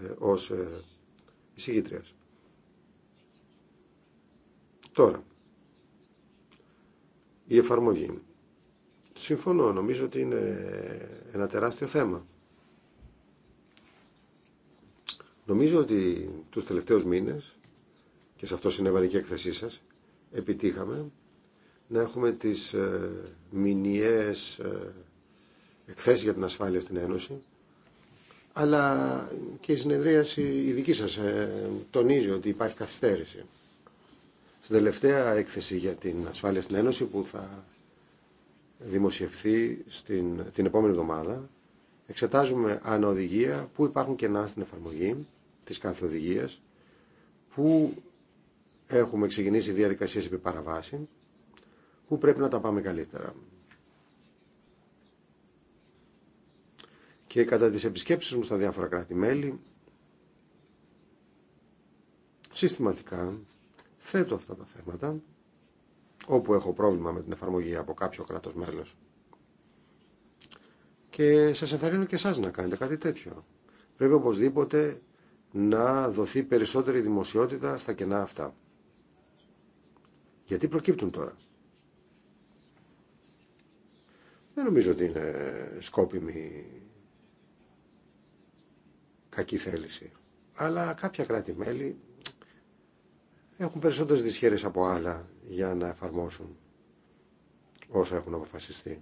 ε, ως ε, Τώρα, η εφαρμογή. Συμφωνώ, νομίζω ότι είναι ένα τεράστιο θέμα. Νομίζω ότι τους τελευταίους μήνες, και σε αυτό συνέβαλε και η έκθεσή σας, επιτύχαμε να έχουμε τις ε, μηνιαίες ε, εκθέσεις για την ασφάλεια στην Ένωση, αλλά και η συνεδρίαση η δική σας ε, τονίζει ότι υπάρχει καθυστέρηση. Στην τελευταία έκθεση για την ασφάλεια στην Ένωση που θα δημοσιευθεί στην, την επόμενη εβδομάδα, εξετάζουμε οδηγία, που υπάρχουν κενά στην εφαρμογή της κάθε οδηγίας, που έχουμε ξεκινήσει διαδικασίες επί Πού πρέπει να τα πάμε καλύτερα. Και κατά τις επισκέψεις μου στα διάφορα κράτη-μέλη, συστηματικά θέτω αυτά τα θέματα, όπου έχω πρόβλημα με την εφαρμογή από κάποιο κράτος μέλος. Και σας ενθαρρύνω και εσάς να κάνετε κάτι τέτοιο. Πρέπει οπωσδήποτε να δοθεί περισσότερη δημοσιότητα στα κενά αυτά. Γιατί προκύπτουν τώρα. δεν νομίζω ότι είναι σκόπιμη κακή θέληση. Αλλά κάποια κράτη-μέλη έχουν περισσότερες δυσχέρειες από άλλα για να εφαρμόσουν όσα έχουν αποφασιστεί.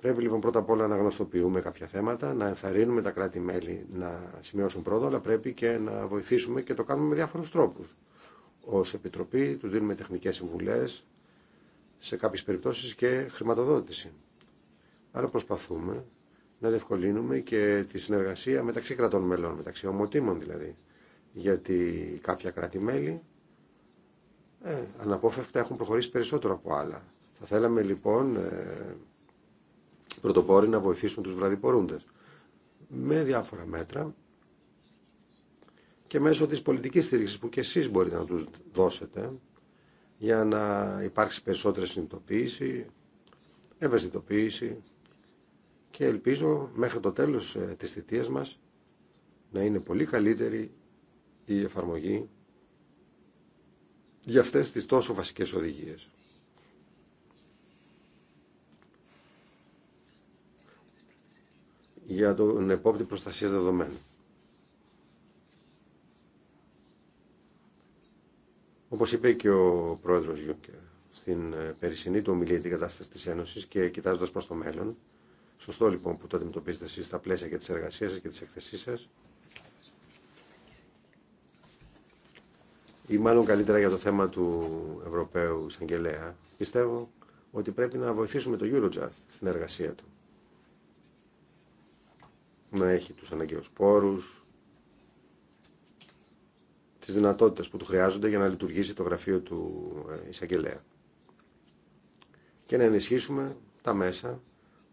Πρέπει λοιπόν πρώτα απ' όλα να γνωστοποιούμε κάποια θέματα, να ενθαρρύνουμε τα κράτη-μέλη να σημειώσουν πρώτα, αλλά πρέπει και να βοηθήσουμε και το κάνουμε με διάφορους τρόπους. Ως Επιτροπή τους δίνουμε τεχνικές συμβουλές, σε κάποιες περιπτώσεις και χρηματοδότηση. Άρα προσπαθούμε να διευκολύνουμε και τη συνεργασία μεταξύ κρατών μελών, μεταξύ ομοτήμων δηλαδή. Γιατί κάποια κράτη-μέλη ε, αναπόφευκτα έχουν προχωρήσει περισσότερο από άλλα. Θα θέλαμε λοιπόν ε, πρωτοπόροι να βοηθήσουν τους βραδιπορούντες με διάφορα μέτρα και μέσω της πολιτικής στήριξης που και εσείς μπορείτε να τους δώσετε για να υπάρξει περισσότερη συνειδητοποίηση, ευαισθητοποίηση και ελπίζω μέχρι το τέλος ε, της θητείας μας να είναι πολύ καλύτερη η εφαρμογή για αυτές τις τόσο βασικές οδηγίες. για τον επόπτη προστασίας δεδομένων. Όπως είπε και ο πρόεδρος Γιούγκερ στην ε, περσινή του ομιλία την κατάσταση της Ένωσης και κοιτάζοντας προς το μέλλον, σωστό λοιπόν που το αντιμετωπίζετε εσείς στα πλαίσια και της εργασίας σας και της εκθεσής σας, ή μάλλον καλύτερα για το θέμα του Ευρωπαίου Εισαγγελέα, πιστεύω ότι πρέπει να βοηθήσουμε το Eurojust στην εργασία του. Να έχει τους αναγκαίους πόρους, τις δυνατότητες που του χρειάζονται για να λειτουργήσει το γραφείο του ε, εισαγγελέα. Και να ενισχύσουμε τα μέσα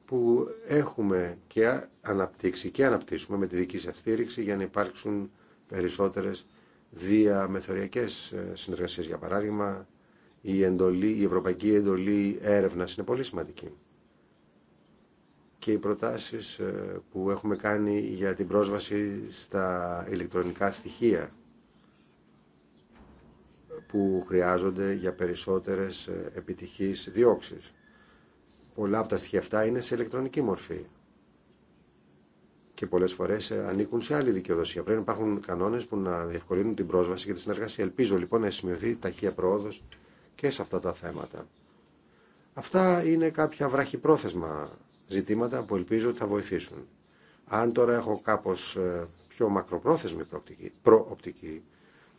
που έχουμε και αναπτύξει και αναπτύσσουμε με τη δική σας στήριξη για να υπάρξουν περισσότερες διαμεθοριακές ε, συνεργασίες. Για παράδειγμα, η, εντολή, η ευρωπαϊκή εντολή Έρευνα είναι πολύ σημαντική. Και οι προτάσεις ε, που έχουμε κάνει για την πρόσβαση στα ηλεκτρονικά στοιχεία που χρειάζονται για περισσότερες ε, επιτυχείς διώξεις. Πολλά από τα στοιχεία αυτά είναι σε ηλεκτρονική μορφή και πολλές φορές ε, ανήκουν σε άλλη δικαιοδοσία. Πρέπει να υπάρχουν κανόνες που να διευκολύνουν την πρόσβαση και τη συνεργασία. Ελπίζω λοιπόν να σημειωθεί ταχεία πρόοδος και σε αυτά τα θέματα. Αυτά είναι κάποια βραχυπρόθεσμα ζητήματα που ελπίζω ότι θα βοηθήσουν. Αν τώρα έχω κάπως ε, πιο μακροπρόθεσμη προοπτική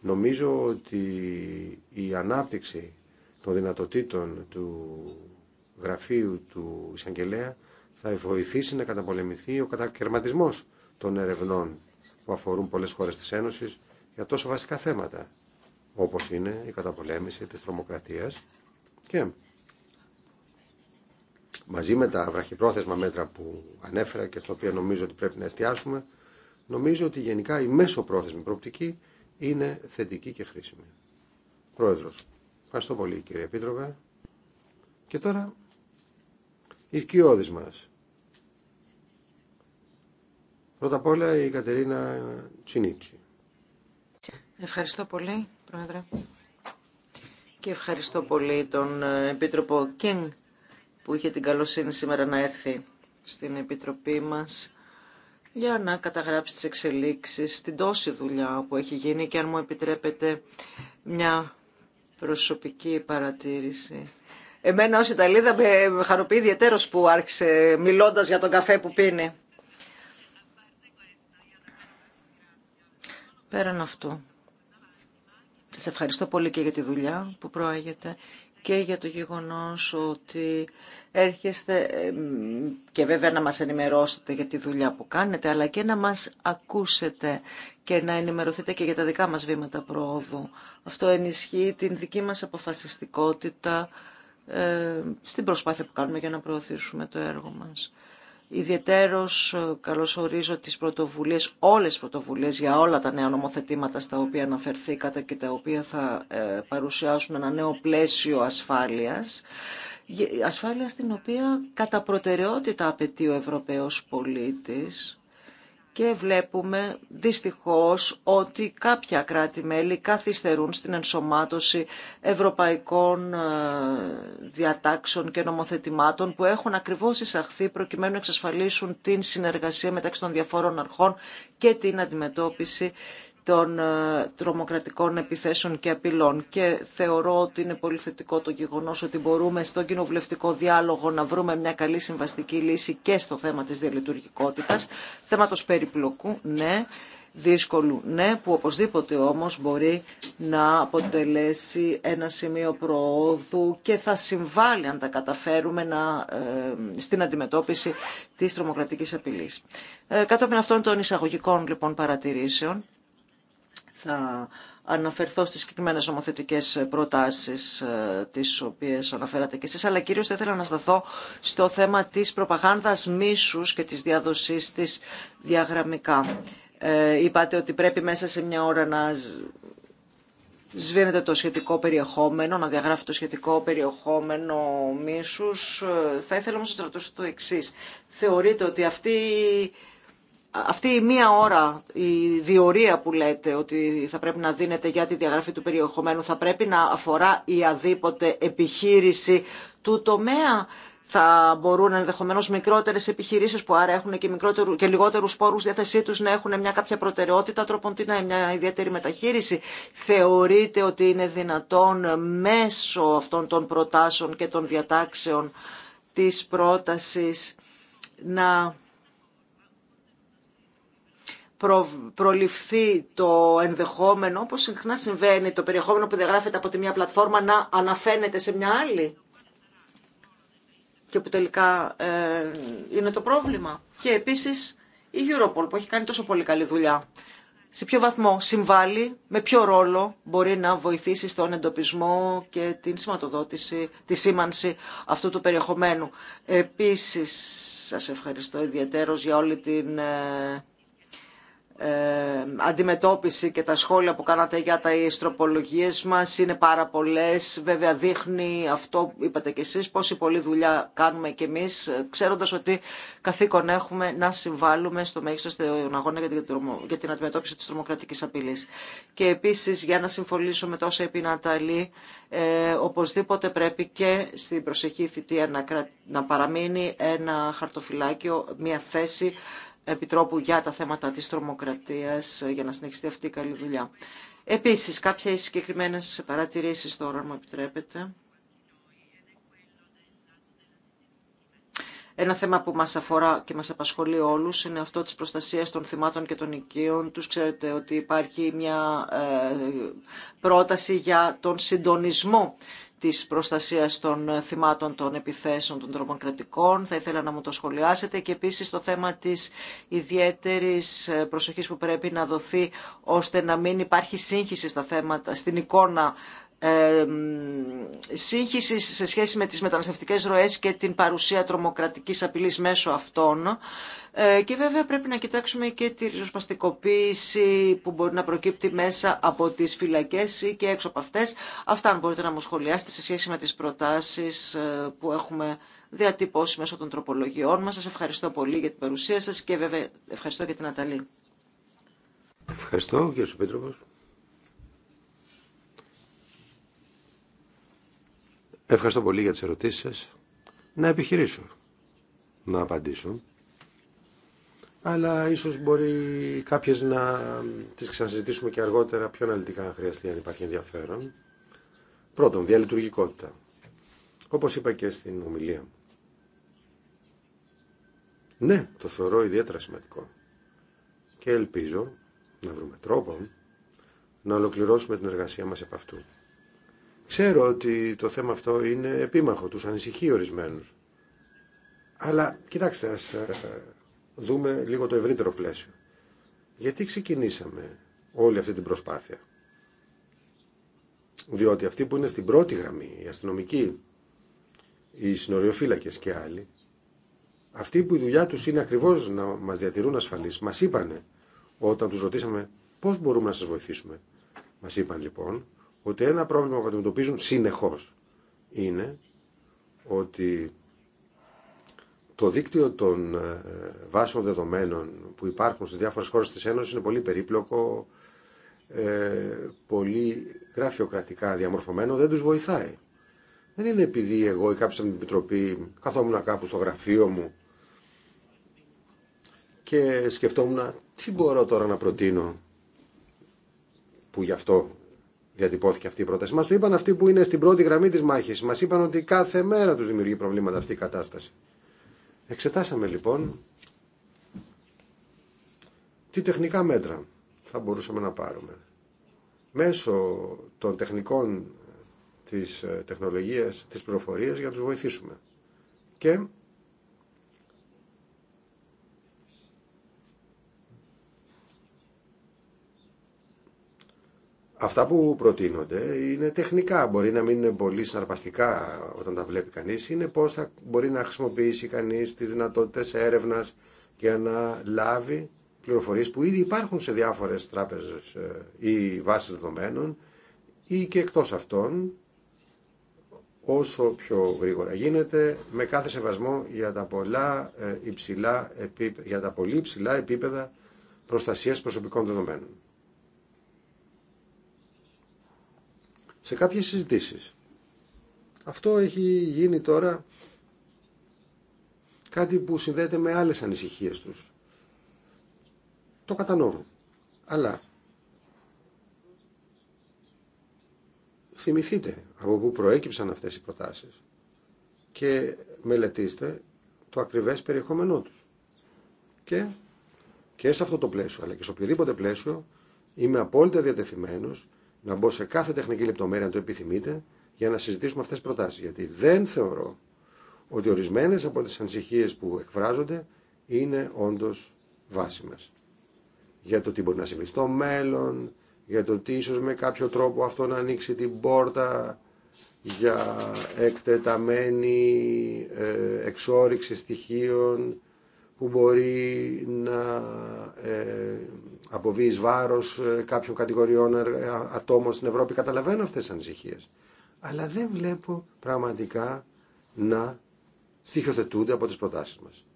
Νομίζω ότι η ανάπτυξη των δυνατοτήτων του γραφείου του Ισαγγελέα θα βοηθήσει να καταπολεμηθεί ο κατακαιρματισμός των ερευνών που αφορούν πολλές χώρες της Ένωσης για τόσο βασικά θέματα όπως είναι η καταπολέμηση της τρομοκρατίας και μαζί με τα βραχυπρόθεσμα μέτρα που ανέφερα και στα οποία νομίζω ότι πρέπει να εστιάσουμε νομίζω ότι γενικά η μέσοπρόθεσμη προοπτική είναι θετική και χρήσιμη. Πρόεδρος, ευχαριστώ πολύ κύριε Επίτροπε. Και τώρα οι σκιώδεις μας. Πρώτα απ' όλα η Κατερίνα Τσινίτσι. Ευχαριστώ πολύ, Πρόεδρε. Και ευχαριστώ πολύ τον ε, Επίτροπο Κίνγκ που είχε την καλοσύνη σήμερα να έρθει στην Επιτροπή μας για να καταγράψει τις εξελίξεις, την τόση δουλειά που έχει γίνει και αν μου επιτρέπετε μια προσωπική παρατήρηση. Εμένα ως Ιταλίδα με χαροποιεί ιδιαίτερος που άρχισε μιλώντας για τον καφέ που πίνει. Πέραν αυτού, Σε ευχαριστώ πολύ και για τη δουλειά που προάγεται και για το γεγονός ότι έρχεστε και βέβαια να μας ενημερώσετε για τη δουλειά που κάνετε, αλλά και να μας ακούσετε και να ενημερωθείτε και για τα δικά μας βήματα προόδου. Αυτό ενισχύει την δική μας αποφασιστικότητα ε, στην προσπάθεια που κάνουμε για να προωθήσουμε το έργο μας. Ιδιαιτέρως ε, ορίζω τις πρωτοβουλίες, όλες τις πρωτοβουλίες για όλα τα νέα νομοθετήματα στα οποία αναφερθήκατε και τα οποία θα ε, παρουσιάσουν ένα νέο πλαίσιο ασφάλειας. Ασφάλεια στην οποία κατά προτεραιότητα απαιτεί ο Ευρωπαίος πολίτης και βλέπουμε δυστυχώς ότι κάποια κράτη-μέλη καθυστερούν στην ενσωμάτωση ευρωπαϊκών ε, διατάξεων και νομοθετημάτων που έχουν ακριβώς εισαχθεί προκειμένου να εξασφαλίσουν την συνεργασία μεταξύ των διαφόρων αρχών και την αντιμετώπιση των ε, τρομοκρατικών επιθέσεων και απειλών. Και θεωρώ ότι είναι πολύ θετικό το γεγονός ότι μπορούμε στον κοινοβουλευτικό διάλογο να βρούμε μια καλή συμβαστική λύση και στο θέμα της διαλειτουργικότητας. Θέματος περιπλοκού, ναι, δύσκολου, ναι, που οπωσδήποτε όμως μπορεί να αποτελέσει ένα σημείο προόδου και θα συμβάλλει αν τα καταφέρουμε να, ε, στην αντιμετώπιση της τρομοκρατικής απειλής. Ε, κατόπιν αυτών των εισαγωγικών λοιπόν παρατηρήσεων, θα αναφερθώ στις συγκεκριμένε ομοθέτικες προτάσεις ε, τις οποίες αναφέρατε και εσείς, αλλά κυρίως θα ήθελα να σταθώ στο θέμα της προπαγάνδας μίσους και της διαδοσής της διαγραμμικά. Ε, είπατε ότι πρέπει μέσα σε μια ώρα να σβήνεται το σχετικό περιεχόμενο, να διαγράφει το σχετικό περιεχόμενο μίσους. Ε, θα ήθελα όμως να σας ρωτήσω το εξής. Θεωρείτε ότι αυτή αυτή η μία ώρα, η διορία που λέτε ότι θα πρέπει να δίνεται για τη διαγραφή του περιεχομένου θα πρέπει να αφορά η αδίποτε επιχείρηση του τομέα. Θα μπορούν ενδεχομένω μικρότερε επιχειρήσει που άρα έχουν και, και λιγότερου πόρου διάθεσή του να έχουν μια κάποια προτεραιότητα τρόπον τι να μια ιδιαίτερη μεταχείριση. Θεωρείτε ότι είναι δυνατόν μέσω αυτών των προτάσεων και των διατάξεων της πρότασης να προ, προληφθεί το ενδεχόμενο, όπως συχνά συμβαίνει, το περιεχόμενο που διαγράφεται από τη μια πλατφόρμα να αναφαίνεται σε μια άλλη και που τελικά ε, είναι το πρόβλημα. Και επίσης η Europol που έχει κάνει τόσο πολύ καλή δουλειά. Σε ποιο βαθμό συμβάλλει, με ποιο ρόλο μπορεί να βοηθήσει στον εντοπισμό και την σηματοδότηση, τη σήμανση αυτού του περιεχομένου. Επίσης, σας ευχαριστώ ιδιαίτερος για όλη την ε, ε, αντιμετώπιση και τα σχόλια που κάνατε για τα τροπολογίες μας είναι πάρα πολλές. Βέβαια δείχνει αυτό που είπατε κι εσείς πόση πολλή δουλειά κάνουμε κι εμείς ξέροντας ότι καθήκον έχουμε να συμβάλλουμε στο μέγιστο στον αγώνα για την αντιμετώπιση της τρομοκρατικής απειλής. Και επίσης για να συμφωνήσω με τόσα επιναταλή ε, οπωσδήποτε πρέπει και στην προσεχή θητεία να, να παραμείνει ένα χαρτοφυλάκιο, μια θέση Επιτρόπου για τα θέματα της τρομοκρατίας ε, για να συνεχιστεί αυτή η καλή δουλειά. Επίσης, κάποια συγκεκριμένες παρατηρήσεις τώρα, αν μου επιτρέπετε. Ένα θέμα που μας αφορά και μας απασχολεί όλους είναι αυτό της προστασίας των θυμάτων και των οικείων. Τους ξέρετε ότι υπάρχει μια ε, πρόταση για τον συντονισμό της προστασίας των θυμάτων των επιθέσεων των τρομοκρατικών. Θα ήθελα να μου το σχολιάσετε και επίσης το θέμα της ιδιαίτερης προσοχής που πρέπει να δοθεί ώστε να μην υπάρχει σύγχυση στα θέματα, στην εικόνα σύγχυση σε σχέση με τις μεταναστευτικές ροές και την παρουσία τρομοκρατικής απειλής μέσω αυτών. Ε, και βέβαια πρέπει να κοιτάξουμε και τη ριζοσπαστικοποίηση που μπορεί να προκύπτει μέσα από τις φυλακές ή και έξω από αυτές. Αυτά αν μπορείτε να μου σχολιάσετε σε σχέση με τις προτάσεις ε, που έχουμε διατυπώσει μέσω των τροπολογιών μας. Σας ευχαριστώ πολύ για την παρουσία σας και βέβαια ευχαριστώ και την Αταλή. Ευχαριστώ κύριε Σουπίτροπος. Ευχαριστώ πολύ για τις ερωτήσεις σας. Να επιχειρήσω να απαντήσω. Αλλά ίσως μπορεί κάποιες να τις ξανασυζητήσουμε και αργότερα πιο αναλυτικά αν χρειαστεί, αν υπάρχει ενδιαφέρον. Πρώτον, διαλειτουργικότητα. Όπως είπα και στην ομιλία Ναι, το θεωρώ ιδιαίτερα σημαντικό. Και ελπίζω να βρούμε τρόπο να ολοκληρώσουμε την εργασία μας επ' αυτού. Ξέρω ότι το θέμα αυτό είναι επίμαχο, τους ανησυχεί ορισμένους. Αλλά κοιτάξτε, ας ε, δούμε λίγο το ευρύτερο πλαίσιο. Γιατί ξεκινήσαμε όλη αυτή την προσπάθεια. Διότι αυτοί που είναι στην πρώτη γραμμή, οι αστυνομικοί, οι συνοριοφύλακες και άλλοι, αυτοί που η δουλειά τους είναι ακριβώς να μας διατηρούν ασφαλείς, μας είπανε όταν τους ρωτήσαμε πώς μπορούμε να σας βοηθήσουμε. Μας είπαν λοιπόν ότι ένα πρόβλημα που αντιμετωπίζουν συνεχώς είναι ότι το δίκτυο των ε, βάσεων δεδομένων που υπάρχουν στις διάφορες χώρες της Ένωσης είναι πολύ περίπλοκο, ε, πολύ γραφειοκρατικά διαμορφωμένο, δεν τους βοηθάει. Δεν είναι επειδή εγώ ή κάποιος από την Επιτροπή καθόμουν κάπου στο γραφείο μου και σκεφτόμουν τι μπορώ τώρα να προτείνω που γι' αυτό διατυπώθηκε αυτή η πρόταση. Μα το είπαν αυτοί που είναι στην πρώτη γραμμή τη μάχη. Μα είπαν ότι κάθε μέρα του δημιουργεί προβλήματα αυτή η κατάσταση. Εξετάσαμε λοιπόν τι τεχνικά μέτρα θα μπορούσαμε να πάρουμε. Μέσω των τεχνικών ε, της ε, τεχνολογίας, της πληροφορίας για να τους βοηθήσουμε. Και Αυτά που προτείνονται είναι τεχνικά, μπορεί να μην είναι πολύ συναρπαστικά όταν τα βλέπει κανείς, είναι πώς θα μπορεί να χρησιμοποιήσει κανείς τις δυνατότητες έρευνας για να λάβει πληροφορίες που ήδη υπάρχουν σε διάφορες τράπεζες ε, ή βάσεις δεδομένων ή και εκτός αυτών, όσο πιο γρήγορα γίνεται, με κάθε σεβασμό για τα, πολλά, ε, για τα πολύ υψηλά επίπεδα προστασίας προσωπικών δεδομένων. σε κάποιες συζητήσεις. Αυτό έχει γίνει τώρα κάτι που συνδέεται με άλλες ανησυχίες τους. Το κατανοώ. Αλλά θυμηθείτε από πού προέκυψαν αυτές οι προτάσεις και μελετήστε το ακριβές περιεχόμενό τους. Και, και σε αυτό το πλαίσιο, αλλά και σε οποιοδήποτε πλαίσιο, είμαι απόλυτα διατεθειμένος να μπω σε κάθε τεχνική λεπτομέρεια, αν το επιθυμείτε, για να συζητήσουμε αυτές τις προτάσεις. Γιατί δεν θεωρώ ότι ορισμένες από τις ανησυχίες που εκφράζονται είναι όντως βάσιμες. Για το τι μπορεί να συμβεί στο μέλλον, για το τι ίσως με κάποιο τρόπο αυτό να ανοίξει την πόρτα για εκτεταμένη ε, εξόριξη στοιχείων που μπορεί να ε, αποβεί ει βάρος ε, κάποιων κατηγοριών ε, ατόμων στην Ευρώπη. Καταλαβαίνω αυτές τις ανησυχίε. Αλλά δεν βλέπω πραγματικά να στοιχειοθετούνται από τις προτάσεις μας.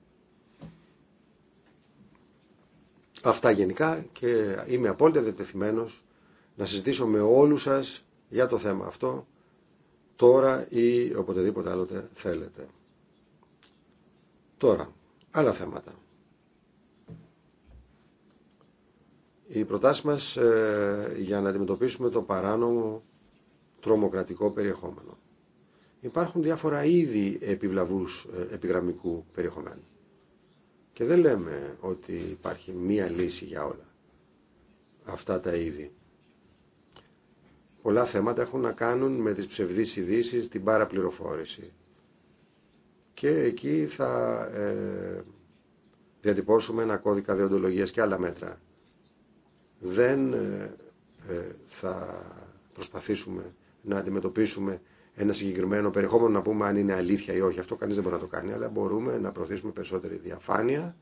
Αυτά γενικά και είμαι απόλυτα διατεθειμένο να συζητήσω με όλους σας για το θέμα αυτό τώρα ή οποτεδήποτε άλλοτε θέλετε. Τώρα, άλλα θέματα. Οι προτάση μας ε, για να αντιμετωπίσουμε το παράνομο τρομοκρατικό περιεχόμενο. Υπάρχουν διάφορα είδη επιβλαβούς ε, επιγραμμικού περιεχομένου. Και δεν λέμε ότι υπάρχει μία λύση για όλα αυτά τα είδη. Πολλά θέματα έχουν να κάνουν με τις ψευδείς ειδήσει, την παραπληροφόρηση. Και εκεί θα ε, διατυπώσουμε ένα κώδικα διοντολογίας και άλλα μέτρα δεν ε, ε, θα προσπαθήσουμε να αντιμετωπίσουμε ένα συγκεκριμένο περιεχόμενο να πούμε αν είναι αλήθεια ή όχι. Αυτό κανείς δεν μπορεί να το κάνει, αλλά μπορούμε να προωθήσουμε περισσότερη διαφάνεια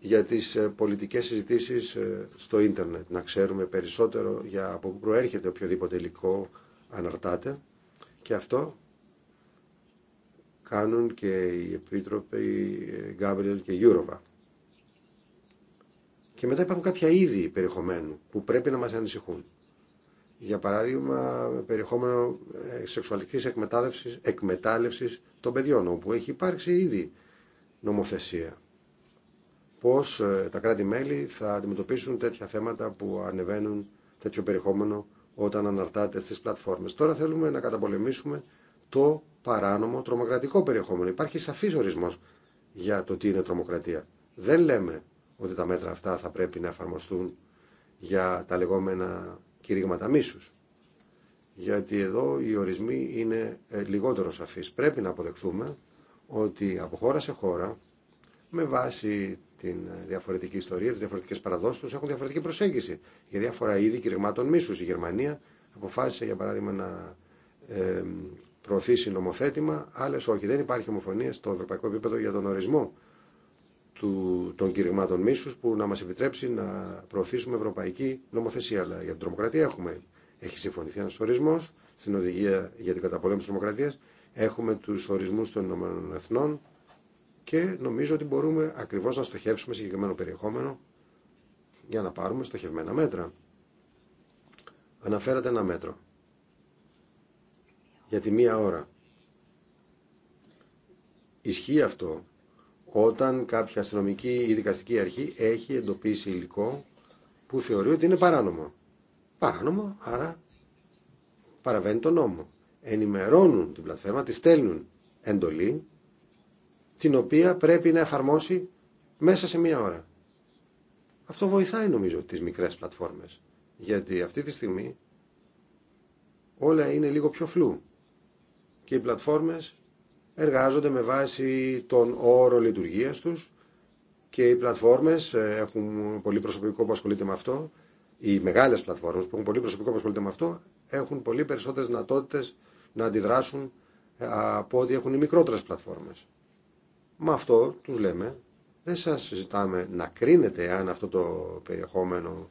για τις ε, πολιτικές συζητήσεις στο ίντερνετ, να ξέρουμε περισσότερο για από πού προέρχεται οποιοδήποτε υλικό αναρτάται και αυτό κάνουν και οι επίτροποι Γκάβριελ και Γιούροβα. Και μετά υπάρχουν κάποια είδη περιεχομένου που πρέπει να μας ανησυχούν. Για παράδειγμα, περιεχόμενο ε, σεξουαλικής εκμετάλλευσης, εκμετάλλευσης των παιδιών, όπου έχει υπάρξει ήδη νομοθεσία. Πώς ε, τα κράτη-μέλη θα αντιμετωπίσουν τέτοια θέματα που ανεβαίνουν τέτοιο περιεχόμενο όταν αναρτάται στις πλατφόρμες. Τώρα θέλουμε να καταπολεμήσουμε το παράνομο τρομοκρατικό περιεχόμενο. Υπάρχει σαφής ορισμός για το τι είναι τρομοκρατία. Δεν λέμε ότι τα μέτρα αυτά θα πρέπει να εφαρμοστούν για τα λεγόμενα κηρύγματα μίσους. Γιατί εδώ οι ορισμοί είναι ε, λιγότερο σαφείς. Πρέπει να αποδεχθούμε ότι από χώρα σε χώρα, με βάση την ε, διαφορετική ιστορία, τις διαφορετικές παραδόσεις τους, έχουν διαφορετική προσέγγιση για διάφορα είδη κηρυγμάτων μίσους. Η Γερμανία αποφάσισε, για παράδειγμα, να προωθήσει νομοθέτημα, Άλλες όχι. Δεν υπάρχει ομοφωνία στο ευρωπαϊκό επίπεδο για τον ορισμό του, των κηρυγμάτων μίσους που να μας επιτρέψει να προωθήσουμε ευρωπαϊκή νομοθεσία. Αλλά για την τρομοκρατία έχουμε. Έχει συμφωνηθεί ένας ορισμός στην οδηγία για την καταπολέμηση της τρομοκρατίας. Έχουμε τους ορισμούς των Ηνωμένων Εθνών και νομίζω ότι μπορούμε ακριβώς να στοχεύσουμε συγκεκριμένο περιεχόμενο για να πάρουμε στοχευμένα μέτρα. Αναφέρατε ένα μέτρο για τη μία ώρα. Ισχύει αυτό όταν κάποια αστυνομική ή δικαστική αρχή έχει εντοπίσει υλικό που θεωρεί ότι είναι παράνομο. Παράνομο, άρα παραβαίνει τον νόμο. Ενημερώνουν την πλατφόρμα, τη στέλνουν εντολή, την οποία πρέπει να εφαρμόσει μέσα σε μία ώρα. Αυτό βοηθάει νομίζω τις μικρές πλατφόρμες, γιατί αυτή τη στιγμή όλα είναι λίγο πιο φλού και οι πλατφόρμες εργάζονται με βάση τον όρο λειτουργίας τους και οι πλατφόρμες ε, έχουν πολύ προσωπικό που ασχολείται με αυτό, οι μεγάλες πλατφόρμες που έχουν πολύ προσωπικό που ασχολείται με αυτό, έχουν πολύ περισσότερες δυνατότητες να αντιδράσουν ε, από ό,τι έχουν οι μικρότερες πλατφόρμες. Με αυτό τους λέμε, δεν σας ζητάμε να κρίνετε αν αυτό το περιεχόμενο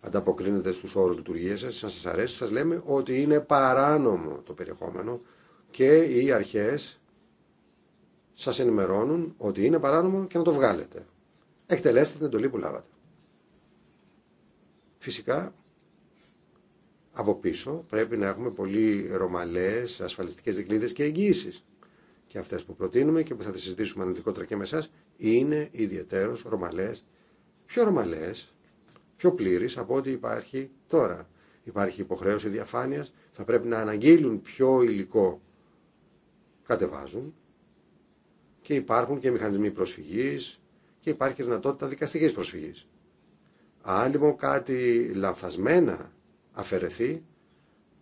ανταποκρίνεται στους όρους λειτουργίας σας, αν σας αρέσει, σας λέμε ότι είναι παράνομο το περιεχόμενο και οι αρχές σας ενημερώνουν ότι είναι παράνομο και να το βγάλετε. Εκτελέστε την εντολή που λάβατε. Φυσικά, από πίσω πρέπει να έχουμε πολύ ρωμαλές ασφαλιστικές δικλείδες και εγγύησεις. Και αυτές που προτείνουμε και που θα τις συζητήσουμε αναλυτικότερα και με εσάς, είναι ιδιαίτερος ρωμαλές, πιο ρωμαλές, πιο πλήρης από ό,τι υπάρχει τώρα. Υπάρχει υποχρέωση διαφάνειας, θα πρέπει να αναγγείλουν ποιο υλικό κατεβάζουν και υπάρχουν και μηχανισμοί προσφυγής και υπάρχει και δυνατότητα δικαστικής προσφυγής. Αν λοιπόν κάτι λανθασμένα αφαιρεθεί,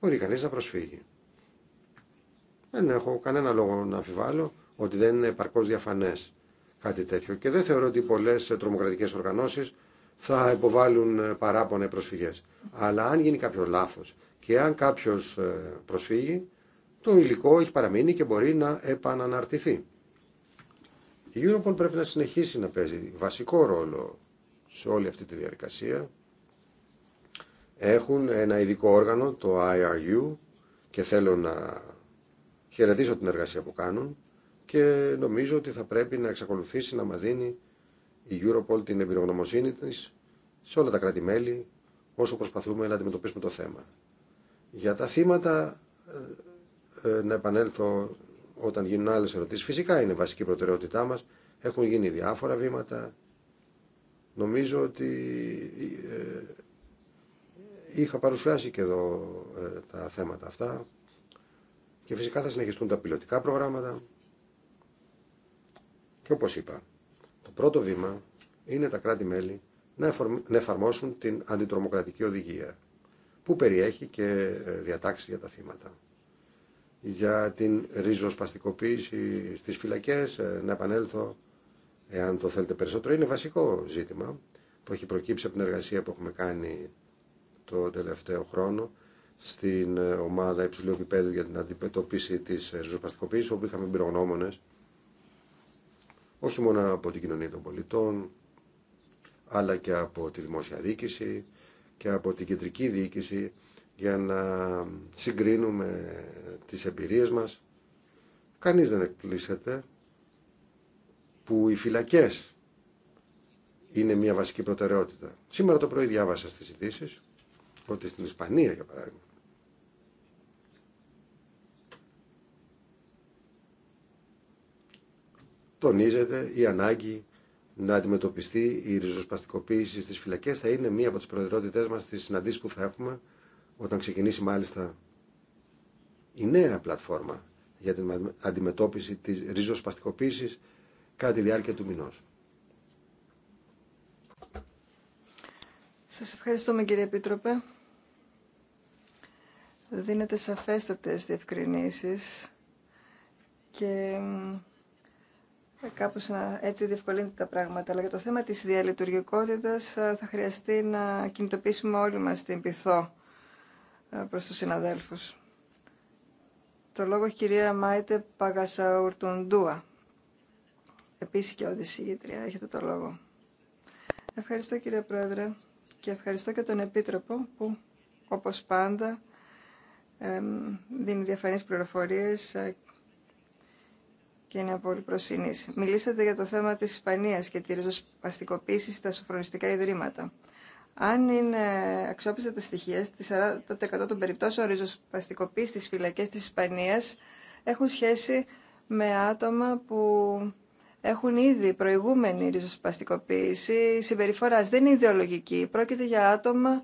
μπορεί κανείς να προσφύγει. Δεν έχω κανένα λόγο να αμφιβάλλω ότι δεν είναι επαρκώς διαφανές κάτι τέτοιο και δεν θεωρώ ότι πολλές τρομοκρατικές οργανώσεις θα υποβάλουν ε, παράπονα προσφυγές. Αλλά αν γίνει κάποιο λάθος και αν κάποιος ε, προσφύγει, το υλικό έχει παραμείνει και μπορεί να επαναναρτηθεί. Η Europol πρέπει να συνεχίσει να παίζει βασικό ρόλο σε όλη αυτή τη διαδικασία. Έχουν ένα ειδικό όργανο, το IRU, και θέλω να χαιρετήσω την εργασία που κάνουν και νομίζω ότι θα πρέπει να εξακολουθήσει να μας δίνει η Europol την εμπειρογνωμοσύνη της σε όλα τα κράτη-μέλη όσο προσπαθούμε να αντιμετωπίσουμε το θέμα. Για τα θύματα, ε, ε, να επανέλθω όταν γίνουν άλλε ερωτήσει, Φυσικά είναι βασική προτεραιότητά μας. Έχουν γίνει διάφορα βήματα. Νομίζω ότι ε, είχα παρουσιάσει και εδώ ε, τα θέματα αυτά και φυσικά θα συνεχιστούν τα πιλωτικά προγράμματα και όπως είπα το πρώτο βήμα είναι τα κράτη-μέλη να εφαρμόσουν την αντιτρομοκρατική οδηγία που περιέχει και ε, διατάξεις για τα θύματα για την ριζοσπαστικοποίηση στις φυλακές, ε, να επανέλθω εάν το θέλετε περισσότερο. Είναι βασικό ζήτημα που έχει προκύψει από την εργασία που έχουμε κάνει το τελευταίο χρόνο στην ε, ομάδα υψηλού επίπεδου για την αντιμετώπιση της ε, ριζοσπαστικοποίησης, όπου είχαμε εμπειρογνώμονες όχι μόνο από την κοινωνία των πολιτών, αλλά και από τη δημόσια διοίκηση και από την κεντρική διοίκηση για να συγκρίνουμε τις εμπειρίες μας. Κανείς δεν εκπλήσεται που οι φυλακές είναι μια βασική προτεραιότητα. Σήμερα το πρωί διάβασα στις ειδήσει ότι στην Ισπανία, για παράδειγμα, τονίζεται η ανάγκη να αντιμετωπιστεί η ριζοσπαστικοποίηση στις φυλακές. Θα είναι μία από τις προτεραιότητές μας στις συναντήσεις που θα έχουμε όταν ξεκινήσει μάλιστα η νέα πλατφόρμα για την αντιμετώπιση της ριζοσπαστικοποίησης κατά τη διάρκεια του μηνός. Σας ευχαριστούμε κύριε Επίτροπε. Δίνετε σαφέστατες διευκρινήσεις και κάπως έτσι διευκολύνεται τα πράγματα. Αλλά για το θέμα της διαλειτουργικότητας θα χρειαστεί να κινητοποιήσουμε όλοι μας την πυθό ε, προς τους συναδέλφους. Το λόγο κυρία Μάιτε Παγκασαουρτουντούα. Επίσης και οδησηγήτρια. Έχετε το λόγο. Ευχαριστώ κύριε Πρόεδρε και ευχαριστώ και τον Επίτροπο που όπως πάντα δίνει διαφανείς πληροφορίες ε, και είναι πολύ προσινής. Μιλήσατε για το θέμα της Ισπανίας και τη ριζοσπαστικοποίηση στα σοφρονιστικά ιδρύματα. Αν είναι αξιόπιστα τα στοιχεία, στι 40% των περιπτώσεων ριζοσπαστικοποίηση στις φυλακές της Ισπανίας έχουν σχέση με άτομα που έχουν ήδη προηγούμενη ριζοσπαστικοποίηση συμπεριφορά Δεν είναι ιδεολογική. Πρόκειται για άτομα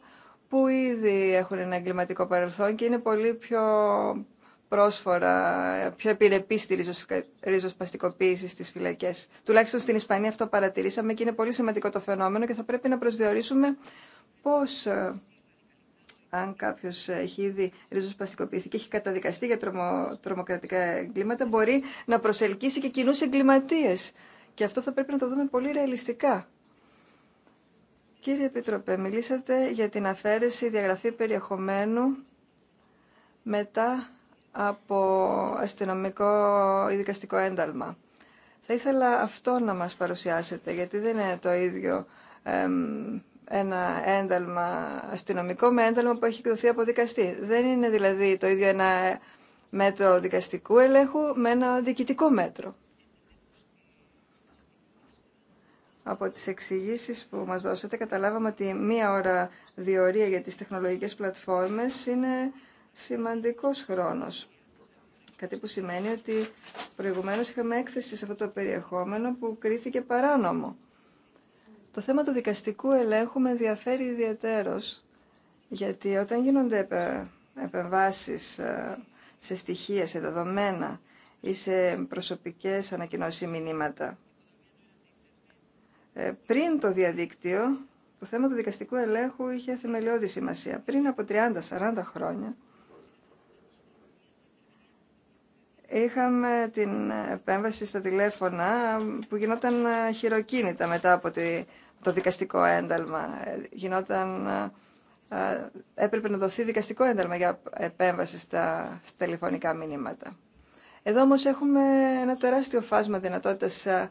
που ήδη έχουν ένα εγκληματικό παρελθόν και είναι πολύ πιο πρόσφορα, πιο επιρρεπή στη ριζοσπαστικοποίηση στις φυλακές. Τουλάχιστον στην Ισπανία αυτό παρατηρήσαμε και είναι πολύ σημαντικό το φαινόμενο και θα πρέπει να προσδιορίσουμε πώς, ε, αν κάποιος έχει ήδη ριζοσπαστικοποιηθεί και έχει καταδικαστεί για τρομοκρατικά εγκλήματα, μπορεί να προσελκύσει και κοινού εγκληματίε. Και αυτό θα πρέπει να το δούμε πολύ ρεαλιστικά. Κύριε Επιτροπέ, μιλήσατε για την αφαίρεση διαγραφή περιεχομένου μετά από αστυνομικό ή δικαστικό ένταλμα. Θα ήθελα αυτό να μας παρουσιάσετε, γιατί δεν είναι το ίδιο ένα ένταλμα αστυνομικό με ένταλμα που έχει εκδοθεί από δικαστή. Δεν είναι δηλαδή το ίδιο ένα μέτρο δικαστικού ελέγχου με ένα διοικητικό μέτρο. Από τις εξηγήσεις που μας δώσατε καταλάβαμε ότι μία ώρα διορία για τις τεχνολογικές πλατφόρμες είναι σημαντικός χρόνος. Κάτι που σημαίνει ότι προηγουμένως είχαμε έκθεση σε αυτό το περιεχόμενο που κρίθηκε παράνομο. Το θέμα του δικαστικού ελέγχου με ενδιαφέρει ιδιαίτερος, γιατί όταν γίνονται επεμβάσεις ε, σε στοιχεία, σε δεδομένα ή σε προσωπικές ανακοινώσεις ή μηνύματα, ε, πριν το διαδίκτυο, το θέμα του δικαστικού ελέγχου είχε θεμελιώδη σημασία. Πριν από 30-40 χρόνια, είχαμε την επέμβαση στα τηλέφωνα που γινόταν χειροκίνητα μετά από το δικαστικό ένταλμα. Ε, γινόταν, ε, έπρεπε να δοθεί δικαστικό ένταλμα για επέμβαση στα, τηλεφωνικά μηνύματα. Εδώ όμως έχουμε ένα τεράστιο φάσμα δυνατότητας ε,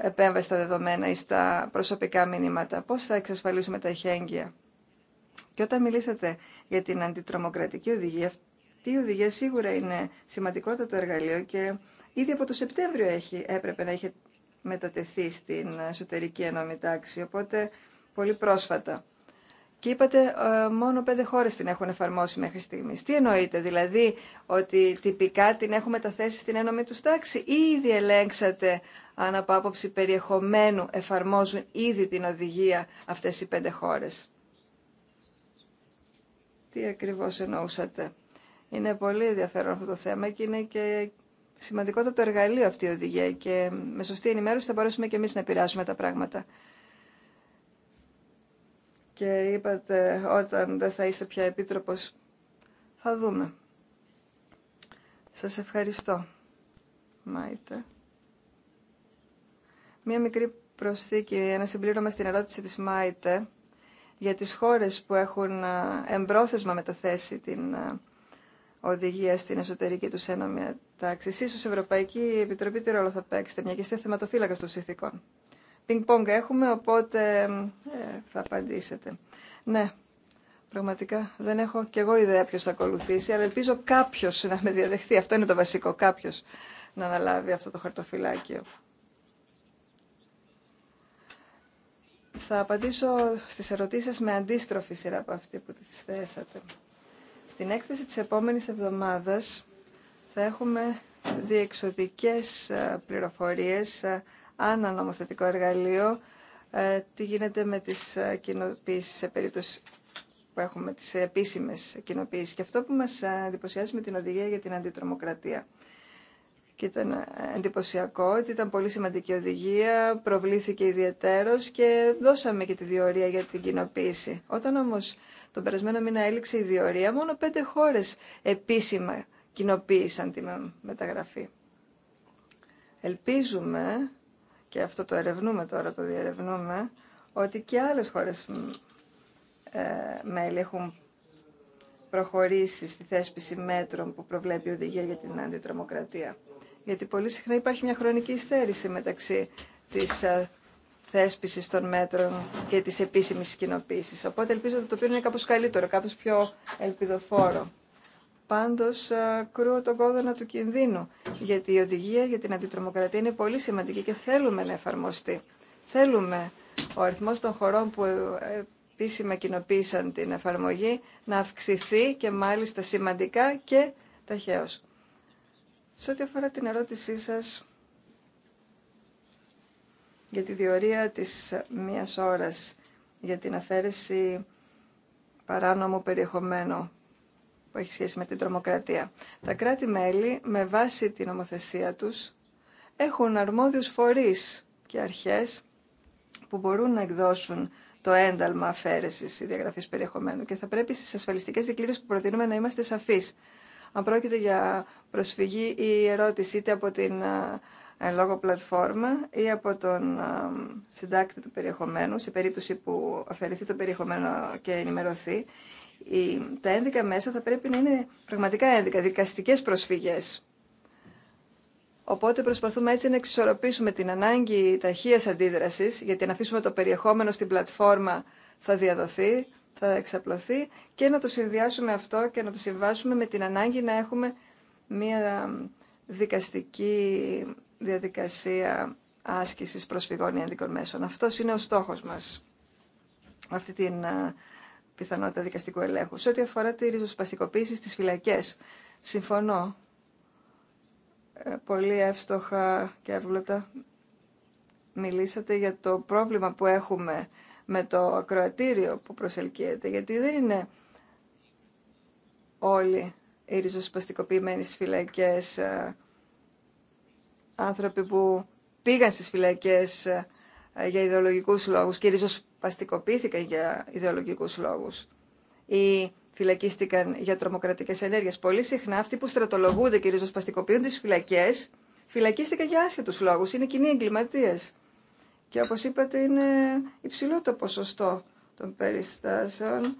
επέμβαση στα δεδομένα ή στα προσωπικά μηνύματα. Πώς θα εξασφαλίσουμε τα ειχέγγυα. Και όταν μιλήσατε για την αντιτρομοκρατική οδηγία, αυτή οδηγία σίγουρα είναι σημαντικότατο εργαλείο και ήδη από το Σεπτέμβριο έχει, έπρεπε να είχε μετατεθεί στην εσωτερική ενόμη τάξη, οπότε πολύ πρόσφατα. Και είπατε ε, μόνο πέντε χώρες την έχουν εφαρμόσει μέχρι στιγμής. Τι εννοείτε, δηλαδή ότι τυπικά την έχουμε μεταθέσει στην ένωμη του τάξη ή ήδη ελέγξατε αν από άποψη περιεχομένου εφαρμόζουν ήδη την οδηγία αυτές οι πέντε χώρες. Τι ακριβώς εννοούσατε. Είναι πολύ ενδιαφέρον αυτό το θέμα και είναι και σημαντικότατο εργαλείο αυτή η οδηγία και με σωστή ενημέρωση θα μπορέσουμε και εμείς να επηρεάσουμε τα πράγματα. Και είπατε όταν δεν θα είστε πια επίτροπος θα δούμε. Σας ευχαριστώ, Μάιτε. Μία μικρή προσθήκη, ένα συμπλήρωμα στην ερώτηση της Μάιτε για τις χώρες που έχουν ε, εμπρόθεσμα μεταθέσει την ε, οδηγία στην εσωτερική του ένωμη τάξη. σω η Ευρωπαϊκή Επιτροπή τι ρόλο θα παίξετε, μια και είστε θεματοφύλακα των συνθήκων. Πινκ-πονγκ έχουμε, οπότε ε, θα απαντήσετε. Ναι, πραγματικά δεν έχω κι εγώ ιδέα ποιο θα ακολουθήσει, αλλά ελπίζω κάποιο να με διαδεχθεί. Αυτό είναι το βασικό, κάποιο να αναλάβει αυτό το χαρτοφυλάκιο. Θα απαντήσω στις ερωτήσεις με αντίστροφη σειρά από αυτή που τις θέσατε. Στην έκθεση της επόμενης εβδομάδας θα έχουμε διεξοδικές ε, πληροφορίες ε, ανά νομοθετικό εργαλείο, ε, τι γίνεται με τις κοινοποίησεις σε που έχουμε τις επίσημες κοινοποίησεις. Και αυτό που μας εντυπωσιάζει με την οδηγία για την αντιτρομοκρατία. Και ήταν εντυπωσιακό ότι ήταν πολύ σημαντική οδηγία, προβλήθηκε ιδιαίτερο και δώσαμε και τη διορία για την κοινοποίηση. Όταν όμως τον περασμένο μήνα έληξε η διορία, μόνο πέντε χώρες επίσημα κοινοποίησαν τη μεταγραφή. Ελπίζουμε, και αυτό το ερευνούμε τώρα, το διερευνούμε, ότι και άλλες χώρες ε, μέλη έχουν προχωρήσει στη θέσπιση μέτρων που προβλέπει η οδηγία για την αντιτρομοκρατία γιατί πολύ συχνά υπάρχει μια χρονική υστέρηση μεταξύ της ε, θέσπισης των μέτρων και της επίσημης κοινοποίηση. Οπότε ελπίζω ότι το πήρουν είναι κάπως καλύτερο, κάπως πιο ελπιδοφόρο. Πάντως ε, κρούω τον κόδωνα του κινδύνου, γιατί η οδηγία για την αντιτρομοκρατία είναι πολύ σημαντική και θέλουμε να εφαρμοστεί. Θέλουμε ο αριθμός των χωρών που ε, επίσημα κοινοποίησαν την εφαρμογή να αυξηθεί και μάλιστα σημαντικά και ταχαίως. Σε ό,τι αφορά την ερώτησή σας για τη διορία της μίας ώρας για την αφαίρεση παράνομου περιεχομένου που έχει σχέση με την τρομοκρατία. Τα κράτη-μέλη, με βάση την νομοθεσία τους, έχουν αρμόδιους φορείς και αρχές που μπορούν να εκδώσουν το ένταλμα αφαίρεση ή διαγραφή περιεχομένου. Και θα πρέπει στι ασφαλιστικέ δικλείδε που προτείνουμε να είμαστε σαφεί αν πρόκειται για προσφυγή ή ερώτηση είτε από την ε, λόγω πλατφόρμα ή από τον συντάκτη του περιεχομένου, σε περίπτωση που αφαιρεθεί το περιεχομένο και ενημερωθεί, τα ένδικα μέσα θα πρέπει να είναι πραγματικά ένδικα, δικαστικές προσφυγές. Οπότε προσπαθούμε έτσι να εξισορροπήσουμε την ανάγκη ταχεία αντίδρασης, γιατί αν αφήσουμε το περιεχόμενο στην πλατφόρμα θα διαδοθεί, θα εξαπλωθεί και να το συνδυάσουμε αυτό και να το συμβάσουμε με την ανάγκη να έχουμε μία δικαστική διαδικασία άσκησης προσφυγών ή ένδικων μέσων. Αυτός είναι ο στόχος μας, αυτή την πιθανότητα δικαστικού ελέγχου. Σε ό,τι αφορά τη ριζοσπαστικοποίηση στις φυλακές, συμφωνώ ε, πολύ εύστοχα και εύγλωτα μιλήσατε για το πρόβλημα που έχουμε με το ακροατήριο που προσελκύεται, γιατί δεν είναι όλοι οι ριζοσπαστικοποιημένοι στις φυλακές ε, άνθρωποι που πήγαν στις φυλακές ε, για ιδεολογικούς λόγους και ριζοσπαστικοποιήθηκαν για ιδεολογικούς λόγους ή φυλακίστηκαν για τρομοκρατικές ενέργειες. Πολύ συχνά αυτοί που στρατολογούνται και ριζοσπαστικοποιούν τις φυλακές φυλακίστηκαν για άσχετους λόγους, είναι κοινοί εγκληματίες. Και όπως είπατε είναι υψηλό το ποσοστό των περιστάσεων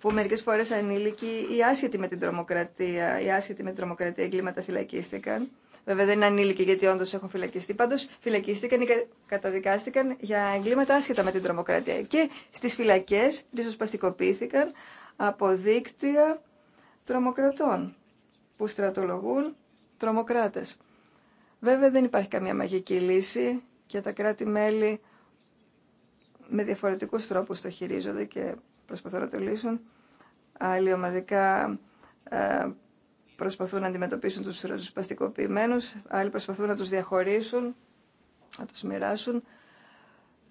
που μερικές φορές ανήλικοι ή άσχετοι με την τρομοκρατία, ή άσχετοι με την τρομοκρατία εγκλήματα φυλακίστηκαν. Βέβαια δεν είναι ανήλικοι γιατί όντως έχουν φυλακιστεί. πάντως φυλακίστηκαν ή καταδικάστηκαν για εγκλήματα άσχετα με την τρομοκρατία. Και στις φυλακές ριζοσπαστικοποιήθηκαν από δίκτυα τρομοκρατών που στρατολογούν τρομοκράτες. Βέβαια δεν υπάρχει καμία μαγική λύση και τα κράτη-μέλη με διαφορετικούς τρόπους το χειρίζονται και προσπαθούν να το λύσουν. Άλλοι ομαδικά ε, προσπαθούν να αντιμετωπίσουν τους ροζοσπαστικοποιημένους, άλλοι προσπαθούν να τους διαχωρίσουν, να τους μοιράσουν.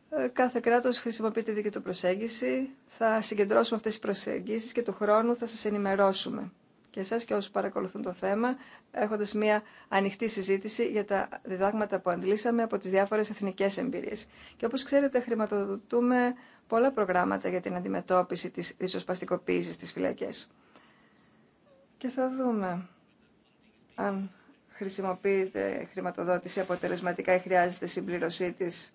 Ε, κάθε κράτος χρησιμοποιεί τη δική του προσέγγιση. Θα συγκεντρώσουμε αυτές τις προσεγγίσεις και του χρόνου θα σας ενημερώσουμε και εσάς και όσους παρακολουθούν το θέμα, έχοντας μια ανοιχτή συζήτηση για τα διδάγματα που αντλήσαμε από τις διάφορες εθνικές εμπειρίες. Και όπως ξέρετε, χρηματοδοτούμε πολλά προγράμματα για την αντιμετώπιση της ριζοσπαστικοποίησης στις φυλακές. Και θα δούμε αν χρησιμοποιείται χρηματοδότηση αποτελεσματικά ή χρειάζεται συμπλήρωσή της.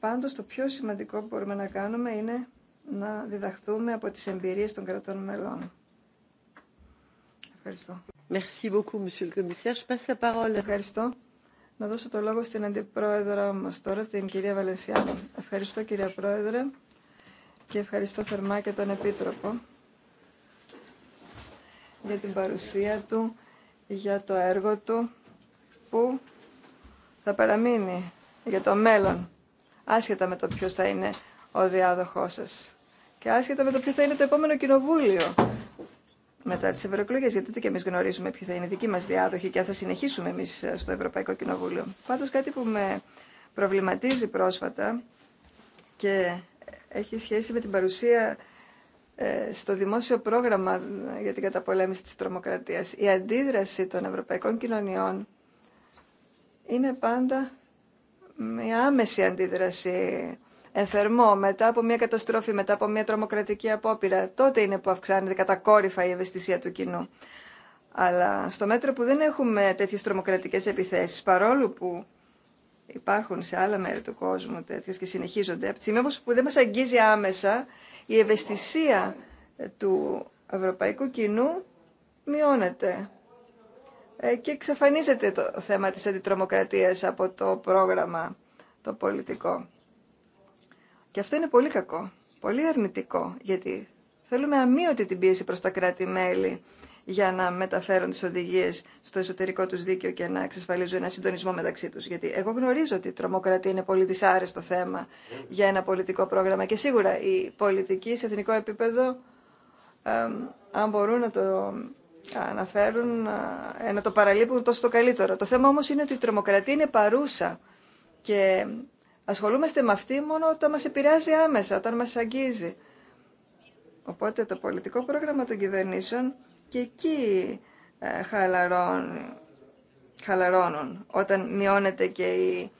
Πάντως, το πιο σημαντικό που μπορούμε να κάνουμε είναι να διδαχθούμε από τις εμπειρίες των κρατών μελών. Ευχαριστώ. Merci beaucoup, monsieur le commissaire. Je passe la parole. Ευχαριστώ. Να δώσω το λόγο στην αντιπρόεδρο μα τώρα, την κυρία Βαλενσιάνο. Ευχαριστώ κυρία Πρόεδρε και ευχαριστώ θερμά και τον Επίτροπο για την παρουσία του, για το έργο του που θα παραμείνει για το μέλλον, άσχετα με το ποιος θα είναι ο διάδοχός σας και άσχετα με το ποιο θα είναι το επόμενο κοινοβούλιο μετά τι ευρωεκλογέ, γιατί ούτε και εμεί γνωρίζουμε ποιοι θα είναι οι δικοί μα διάδοχοι και αν θα συνεχίσουμε εμεί στο Ευρωπαϊκό Κοινοβούλιο. Πάντω, κάτι που με προβληματίζει πρόσφατα και έχει σχέση με την παρουσία ε, στο δημόσιο πρόγραμμα για την καταπολέμηση της τρομοκρατίας. Η αντίδραση των ευρωπαϊκών κοινωνιών είναι πάντα μια άμεση αντίδραση θερμό, μετά από μια καταστροφή, μετά από μια τρομοκρατική απόπειρα, τότε είναι που αυξάνεται κατακόρυφα η ευαισθησία του κοινού. Αλλά στο μέτρο που δεν έχουμε τέτοιες τρομοκρατικές επιθέσεις, παρόλο που υπάρχουν σε άλλα μέρη του κόσμου τέτοιες και συνεχίζονται, από τη στιγμή που δεν μας αγγίζει άμεσα, η ευαισθησία του ευρωπαϊκού κοινού μειώνεται ε, και εξαφανίζεται το θέμα της αντιτρομοκρατίας από το πρόγραμμα το πολιτικό. Και αυτό είναι πολύ κακό, πολύ αρνητικό, γιατί θέλουμε αμύωτη την πίεση προς τα κράτη-μέλη για να μεταφέρουν τις οδηγίες στο εσωτερικό τους δίκαιο και να εξασφαλίζουν ένα συντονισμό μεταξύ τους. Γιατί εγώ γνωρίζω ότι η τρομοκρατία είναι πολύ δυσάρεστο θέμα για ένα πολιτικό πρόγραμμα και σίγουρα οι πολιτικοί σε εθνικό επίπεδο, ε, αν μπορούν να το αναφέρουν, ε, να το παραλείπουν τόσο το καλύτερο. Το θέμα όμως είναι ότι η τρομοκρατία είναι παρούσα και Ασχολούμαστε με αυτή μόνο όταν μας επηρεάζει άμεσα, όταν μας αγγίζει. Οπότε το πολιτικό πρόγραμμα των κυβερνήσεων και εκεί ε, χαλαρώνουν όταν μειώνεται και η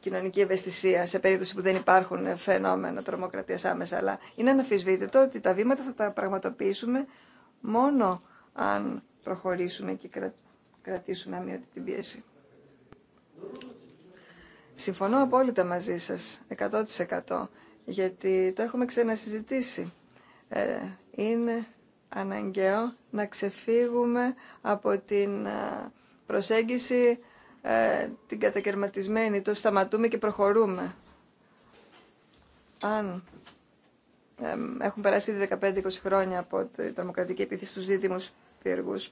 κοινωνική ευαισθησία σε περίπτωση που δεν υπάρχουν φαινόμενα τρομοκρατίας άμεσα. Αλλά είναι αναφυσβήτητο ότι τα βήματα θα τα πραγματοποιήσουμε μόνο αν προχωρήσουμε και κρατήσουμε αμοιότητη την πίεση. Συμφωνώ απόλυτα μαζί σας, 100%, γιατί το έχουμε ξανασυζητήσει. Ε, είναι αναγκαίο να ξεφύγουμε από την ε, προσέγγιση ε, την κατακαιρματισμένη, το σταματούμε και προχωρούμε. Αν έχουν περάσει 15-20 χρόνια από τη τρομοκρατική επίθεση στους δίδυμους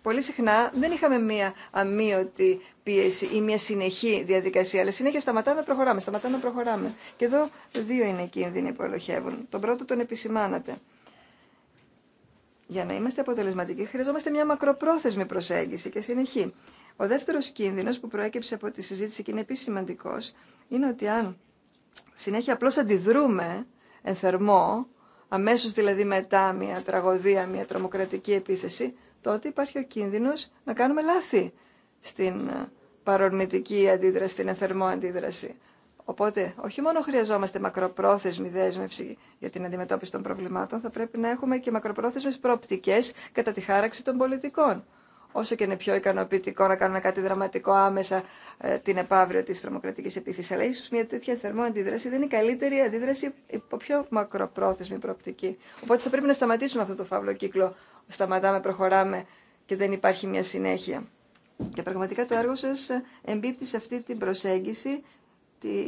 Πολύ συχνά δεν είχαμε μία αμύωτη πίεση ή μία συνεχή διαδικασία, αλλά συνέχεια σταματάμε, προχωράμε, σταματάμε, προχωράμε. Και εδώ δύο είναι οι κίνδυνοι που ελοχεύουν. Τον πρώτο τον επισημάνατε. Για να είμαστε αποτελεσματικοί χρειαζόμαστε μια μακροπρόθεσμη προσέγγιση και συνεχή. Ο δεύτερος κίνδυνος που προέκυψε από τη συζήτηση και είναι επίση σημαντικό: είναι ότι αν συνέχεια απλώς αντιδρούμε εν θερμό, αμέσως δηλαδή μετά μια τραγωδία, μια τρομοκρατική επίθεση, τότε υπάρχει ο κίνδυνος να κάνουμε λάθη στην ε, παρορμητική αντίδραση, στην εφερμό αντίδραση. Οπότε, όχι μόνο χρειαζόμαστε μακροπρόθεσμη δέσμευση για την αντιμετώπιση των προβλημάτων, θα πρέπει να έχουμε και μακροπρόθεσμες προοπτικές κατά τη χάραξη των πολιτικών όσο και είναι πιο ικανοποιητικό να κάνουμε κάτι δραματικό άμεσα ε, την επαύριο τη τρομοκρατική επίθεση. Αλλά ίσω μια τέτοια θερμό αντίδραση δεν είναι η καλύτερη αντίδραση υπό πιο μακροπρόθεσμη προοπτική. Οπότε θα πρέπει να σταματήσουμε αυτό το φαύλο κύκλο. Σταματάμε, προχωράμε και δεν υπάρχει μια συνέχεια. Και πραγματικά το έργο σα ε, εμπίπτει σε αυτή την προσέγγιση τη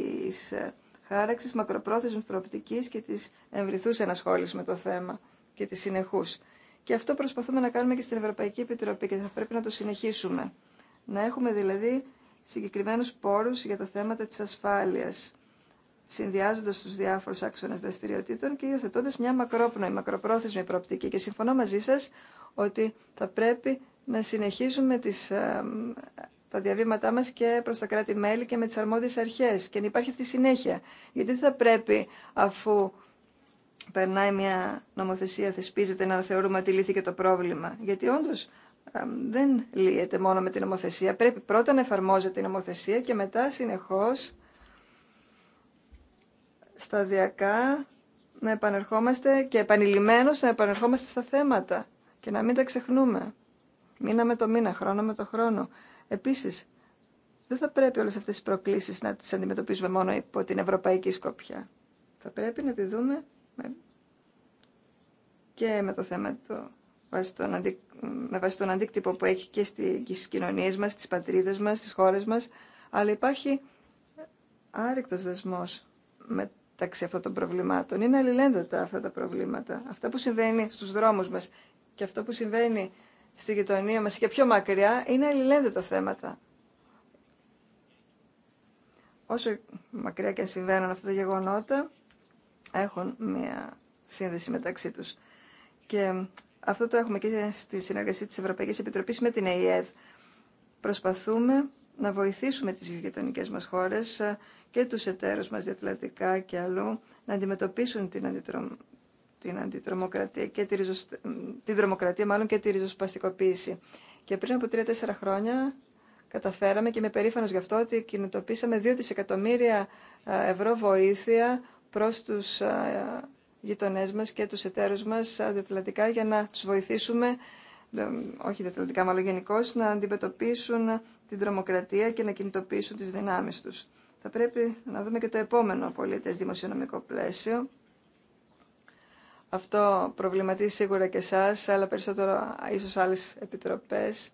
ε, χάραξη μακροπρόθεσμη προοπτική και τη εμβριθούς ενασχόληση με το θέμα και τη συνεχού. Και αυτό προσπαθούμε να κάνουμε και στην Ευρωπαϊκή Επιτροπή και θα πρέπει να το συνεχίσουμε. Να έχουμε δηλαδή συγκεκριμένου πόρου για τα θέματα τη ασφάλεια, συνδυάζοντα του διάφορου άξονε δραστηριοτήτων και υιοθετώντα μια μακρόπνοη, μακροπρόθεσμη προοπτική. Και συμφωνώ μαζί σα ότι θα πρέπει να συνεχίζουμε τις, ε, τα διαβήματά μας και προς τα κράτη-μέλη και με τις αρμόδιες αρχές και να υπάρχει αυτή η συνέχεια. Γιατί θα πρέπει αφού περνάει μια νομοθεσία, θεσπίζεται να θεωρούμε ότι λύθηκε το πρόβλημα. Γιατί όντω δεν λύεται μόνο με την νομοθεσία. Πρέπει πρώτα να εφαρμόζεται η νομοθεσία και μετά συνεχώς σταδιακά να επανερχόμαστε και επανειλημμένως να επανερχόμαστε στα θέματα και να μην τα ξεχνούμε. Μήνα με το μήνα, χρόνο με το χρόνο. Επίσης, δεν θα πρέπει όλες αυτές τις προκλήσεις να τις αντιμετωπίζουμε μόνο υπό την ευρωπαϊκή σκοπιά. Θα πρέπει να τη δούμε και με το θέμα του, με βάση τον αντίκτυπο που έχει και στις κοινωνίες μας, στις πατρίδες μας, στις χώρες μας, αλλά υπάρχει άρρηκτος δεσμός μεταξύ αυτών των προβλημάτων. Είναι αλληλένδετα αυτά τα προβλήματα. Αυτά που συμβαίνει στους δρόμους μας και αυτό που συμβαίνει στη γειτονία μας και πιο μακριά είναι αλληλένδετα θέματα. Όσο μακριά και αν συμβαίνουν αυτά τα γεγονότα, έχουν μια σύνδεση μεταξύ τους. Και αυτό το έχουμε και στη συνεργασία της Ευρωπαϊκής Επιτροπής με την ΕΕΔ. Προσπαθούμε να βοηθήσουμε τις γειτονικέ μας χώρες ε, και τους εταίρους μας διατλαντικά και αλλού να αντιμετωπίσουν την, την αντιτρομοκρατία και τη ριζοσ... την τρομοκρατία μάλλον και τη ριζοσπαστικοποίηση. Και πριν από 3-4 χρόνια καταφέραμε και είμαι περήφανος γι' αυτό ότι κινητοποίησαμε 2 δισεκατομμύρια ε, ευρώ βοήθεια προς τους γειτονές μας και τους εταίρους μας διατελετικά για να τους βοηθήσουμε, όχι διατελετικά, μάλλον γενικώ, να αντιμετωπίσουν την τρομοκρατία και να κινητοποιήσουν τις δυνάμεις τους. Θα πρέπει να δούμε και το επόμενο πολίτες δημοσιονομικό πλαίσιο. Αυτό προβληματίζει σίγουρα και εσά, αλλά περισσότερο ίσως άλλες επιτροπές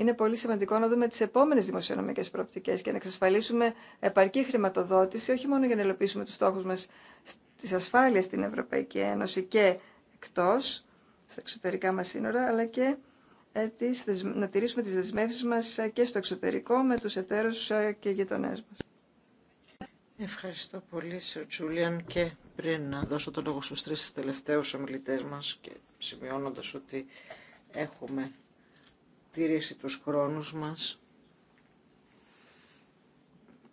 είναι πολύ σημαντικό να δούμε τις επόμενες δημοσιονομικές προοπτικέ και να εξασφαλίσουμε επαρκή χρηματοδότηση, όχι μόνο για να υλοποιήσουμε τους στόχους μας της ασφάλειας στην Ευρωπαϊκή Ένωση και εκτός, στα εξωτερικά μας σύνορα, αλλά και ε, να τηρήσουμε τις δεσμεύσεις μας ε, και στο εξωτερικό με τους εταίρους ε, και γειτονέ μα. Ευχαριστώ πολύ, Σερ Τζούλιαν, και πριν να δώσω το λόγο στου τρει τελευταίου ομιλητέ μα και σημειώνοντα ότι έχουμε τήρηση τους χρόνους μας,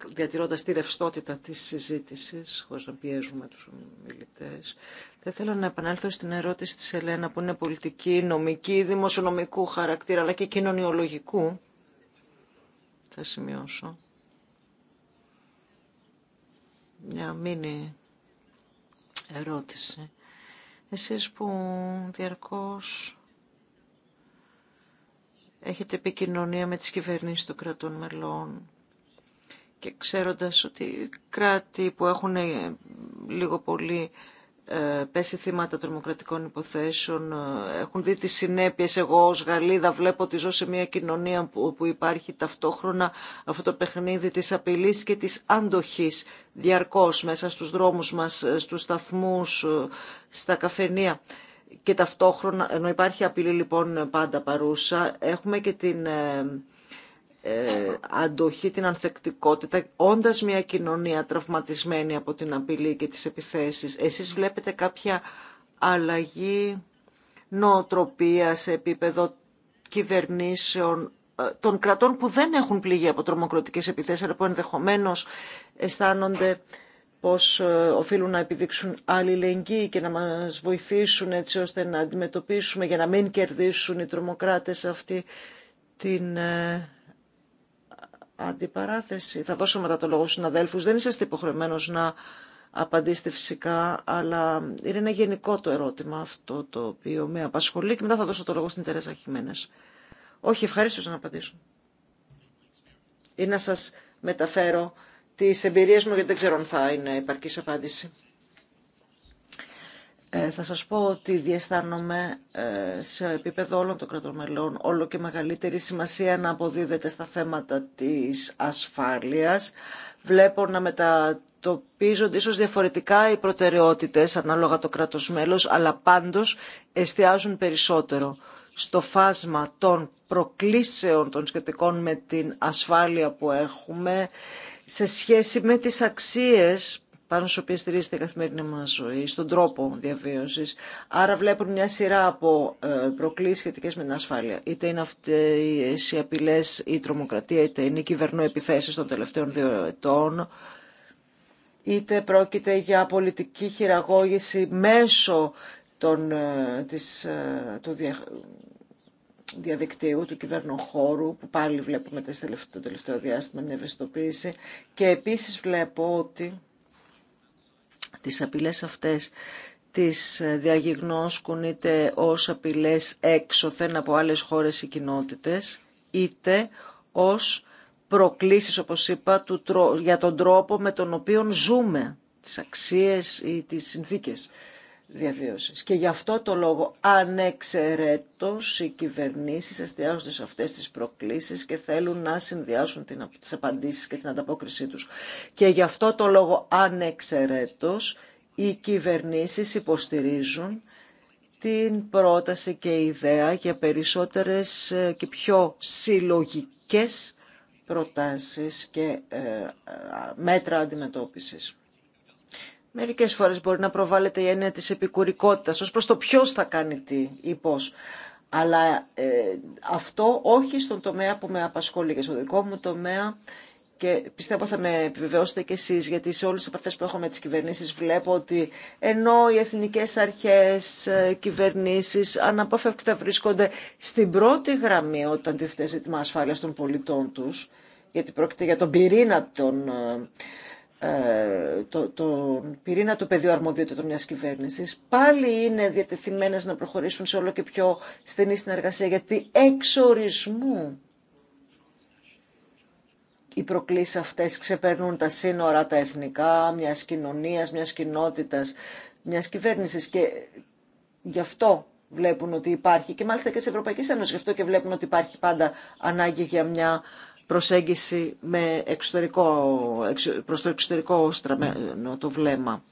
διατηρώντας τη ρευστότητα της συζήτησης, χωρίς να πιέζουμε τους ομιλητές. Θα ήθελα να επανέλθω στην ερώτηση της Ελένα, που είναι πολιτική, νομική, δημοσιονομικού χαρακτήρα, αλλά και κοινωνιολογικού. Θα σημειώσω. Μια μήνυ ερώτηση. Εσείς που διαρκώς έχετε επικοινωνία με τις κυβερνήσεις των κρατών μελών και ξέροντας ότι κράτη που έχουν ε, λίγο πολύ ε, πέσει θύματα τρομοκρατικών υποθέσεων, ε, έχουν δει τις συνέπειες. Εγώ ως Γαλλίδα βλέπω ότι ζω σε μια κοινωνία που υπάρχει ταυτόχρονα αυτό το παιχνίδι της απειλής και της αντοχής διαρκώς μέσα στους δρόμους μας, στους σταθμούς, στα καφενεία και ταυτόχρονα, ενώ υπάρχει απειλή λοιπόν πάντα παρούσα, έχουμε και την ε, ε, αντοχή, την ανθεκτικότητα, όντας μια κοινωνία τραυματισμένη από την απειλή και τις επιθέσεις. Εσείς βλέπετε κάποια αλλαγή νοοτροπία σε επίπεδο κυβερνήσεων, ε, των κρατών που δεν έχουν πληγεί από τρομοκρατικές επιθέσεις, αλλά που ενδεχομένως αισθάνονται πώς ε, οφείλουν να επιδείξουν αλληλεγγύη και να μας βοηθήσουν έτσι ώστε να αντιμετωπίσουμε για να μην κερδίσουν οι τρομοκράτες αυτή την ε, αντιπαράθεση. Θα δώσω μετά το λόγο στους αδέλφους. Δεν είσαστε υποχρεωμένος να απαντήσετε φυσικά, αλλά είναι ένα γενικό το ερώτημα αυτό το οποίο με απασχολεί και μετά θα δώσω το λόγο στην Τερέζα Χιμένες. Όχι, ευχαρίστω να απαντήσω. Ή να σας μεταφέρω τις εμπειρίες μου γιατί δεν ξέρω αν θα είναι υπαρκής απάντηση. Ε, θα σας πω ότι διαισθάνομαι ε, σε επίπεδο όλων των κρατών μελών όλο και μεγαλύτερη σημασία να αποδίδεται στα θέματα της ασφάλειας. Βλέπω να μετατοπίζονται ίσως διαφορετικά οι προτεραιότητες ανάλογα το κράτος μέλος, αλλά πάντως εστιάζουν περισσότερο στο φάσμα των προκλήσεων των σχετικών με την ασφάλεια που έχουμε, σε σχέση με τις αξίες πάνω στις οποίες στηρίζεται η καθημερινή μας ζωή, στον τρόπο διαβίωσης. Άρα βλέπουν μια σειρά από ε, προκλήσεις σχετικές με την ασφάλεια. Είτε είναι αυτές οι απειλές, η τρομοκρατία, είτε είναι οι κυβερνοεπιθέσεις των τελευταίων δύο ετών, είτε πρόκειται για πολιτική χειραγώγηση μέσω των, ε, της, ε, του, διαδικτύου, του κυβέρνου χώρου, που πάλι βλέπουμε το τελευταίο διάστημα μια ευαισθητοποίηση. Και επίσης βλέπω ότι τις απειλές αυτές τις ε, διαγιγνώσκουν είτε ως απειλές έξωθεν από άλλες χώρες ή κοινότητες, είτε ως προκλήσεις, όπως είπα, για τον τρόπο με τον οποίο ζούμε τις αξίες ή τις συνθήκες διαβίωσης. Και γι' αυτό το λόγο ανεξαιρέτως οι κυβερνήσεις εστιάζονται σε αυτές τις προκλήσεις και θέλουν να συνδυάσουν τις απαντήσεις και την ανταπόκρισή τους. Και γι' αυτό το λόγο ανεξαιρέτως οι κυβερνήσεις υποστηρίζουν την πρόταση και ιδέα για περισσότερες ε, και πιο συλλογικές προτάσεις και ε, ε, μέτρα αντιμετώπισης. Μερικέ φορέ μπορεί να προβάλλεται η έννοια τη επικουρικότητα, ω προ το ποιο θα κάνει τι ή πώ. Αλλά ε, αυτό όχι στον τομέα που με απασχολεί και στο δικό μου τομέα και πιστεύω θα με επιβεβαιώσετε κι εσείς, γιατί σε όλες τις επαφέ που έχω με τις κυβερνήσεις βλέπω ότι ενώ οι εθνικές αρχές, ε, κυβερνήσεις αναπόφευκτα βρίσκονται στην πρώτη γραμμή όταν τίθεται ζήτημα ασφάλεια των πολιτών τους, γιατί πρόκειται για τον πυρήνα των ε, ε, το, τον πυρήνα του πεδίου αρμοδιότητα μιας κυβέρνησης πάλι είναι διατεθειμένες να προχωρήσουν σε όλο και πιο στενή συνεργασία γιατί ορισμού οι προκλήσεις αυτές ξεπερνούν τα σύνορα τα εθνικά μιας κοινωνίας, μιας κοινότητας, μιας κυβέρνησης και γι' αυτό βλέπουν ότι υπάρχει και μάλιστα και τη ευρωπαϊκή Ένωση, γι' αυτό και βλέπουν ότι υπάρχει πάντα ανάγκη για μια προσέγγιση με εξωτερικό, προς το εξωτερικό στραμμένο το βλέμμα.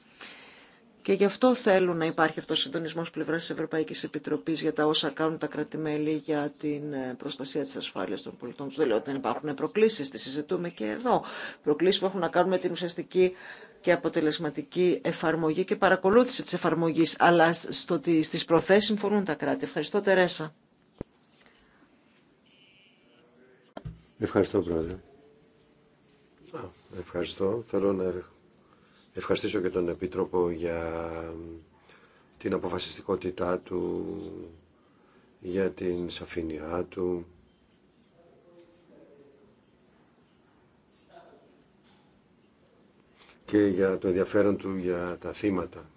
Και γι' αυτό θέλουν να υπάρχει αυτός ο συντονισμός πλευράς της Ευρωπαϊκής Επιτροπής για τα όσα κάνουν τα κράτη-μέλη για την ε, προστασία της ασφάλειας των πολιτών τους. Δεν λέω ότι δεν υπάρχουν προκλήσεις, τις συζητούμε και εδώ. Προκλήσεις που έχουν να κάνουν με την ουσιαστική και αποτελεσματική εφαρμογή και παρακολούθηση της εφαρμογής, αλλά στο, στις προθέσεις συμφωνούν τα κράτη. Ευχαριστώ Τερέσα. Ευχαριστώ, Πρόεδρε. Ευχαριστώ. Θέλω να ευχαριστήσω και τον Επίτροπο για την αποφασιστικότητά του, για την σαφήνειά του. και για το ενδιαφέρον του για τα θύματα.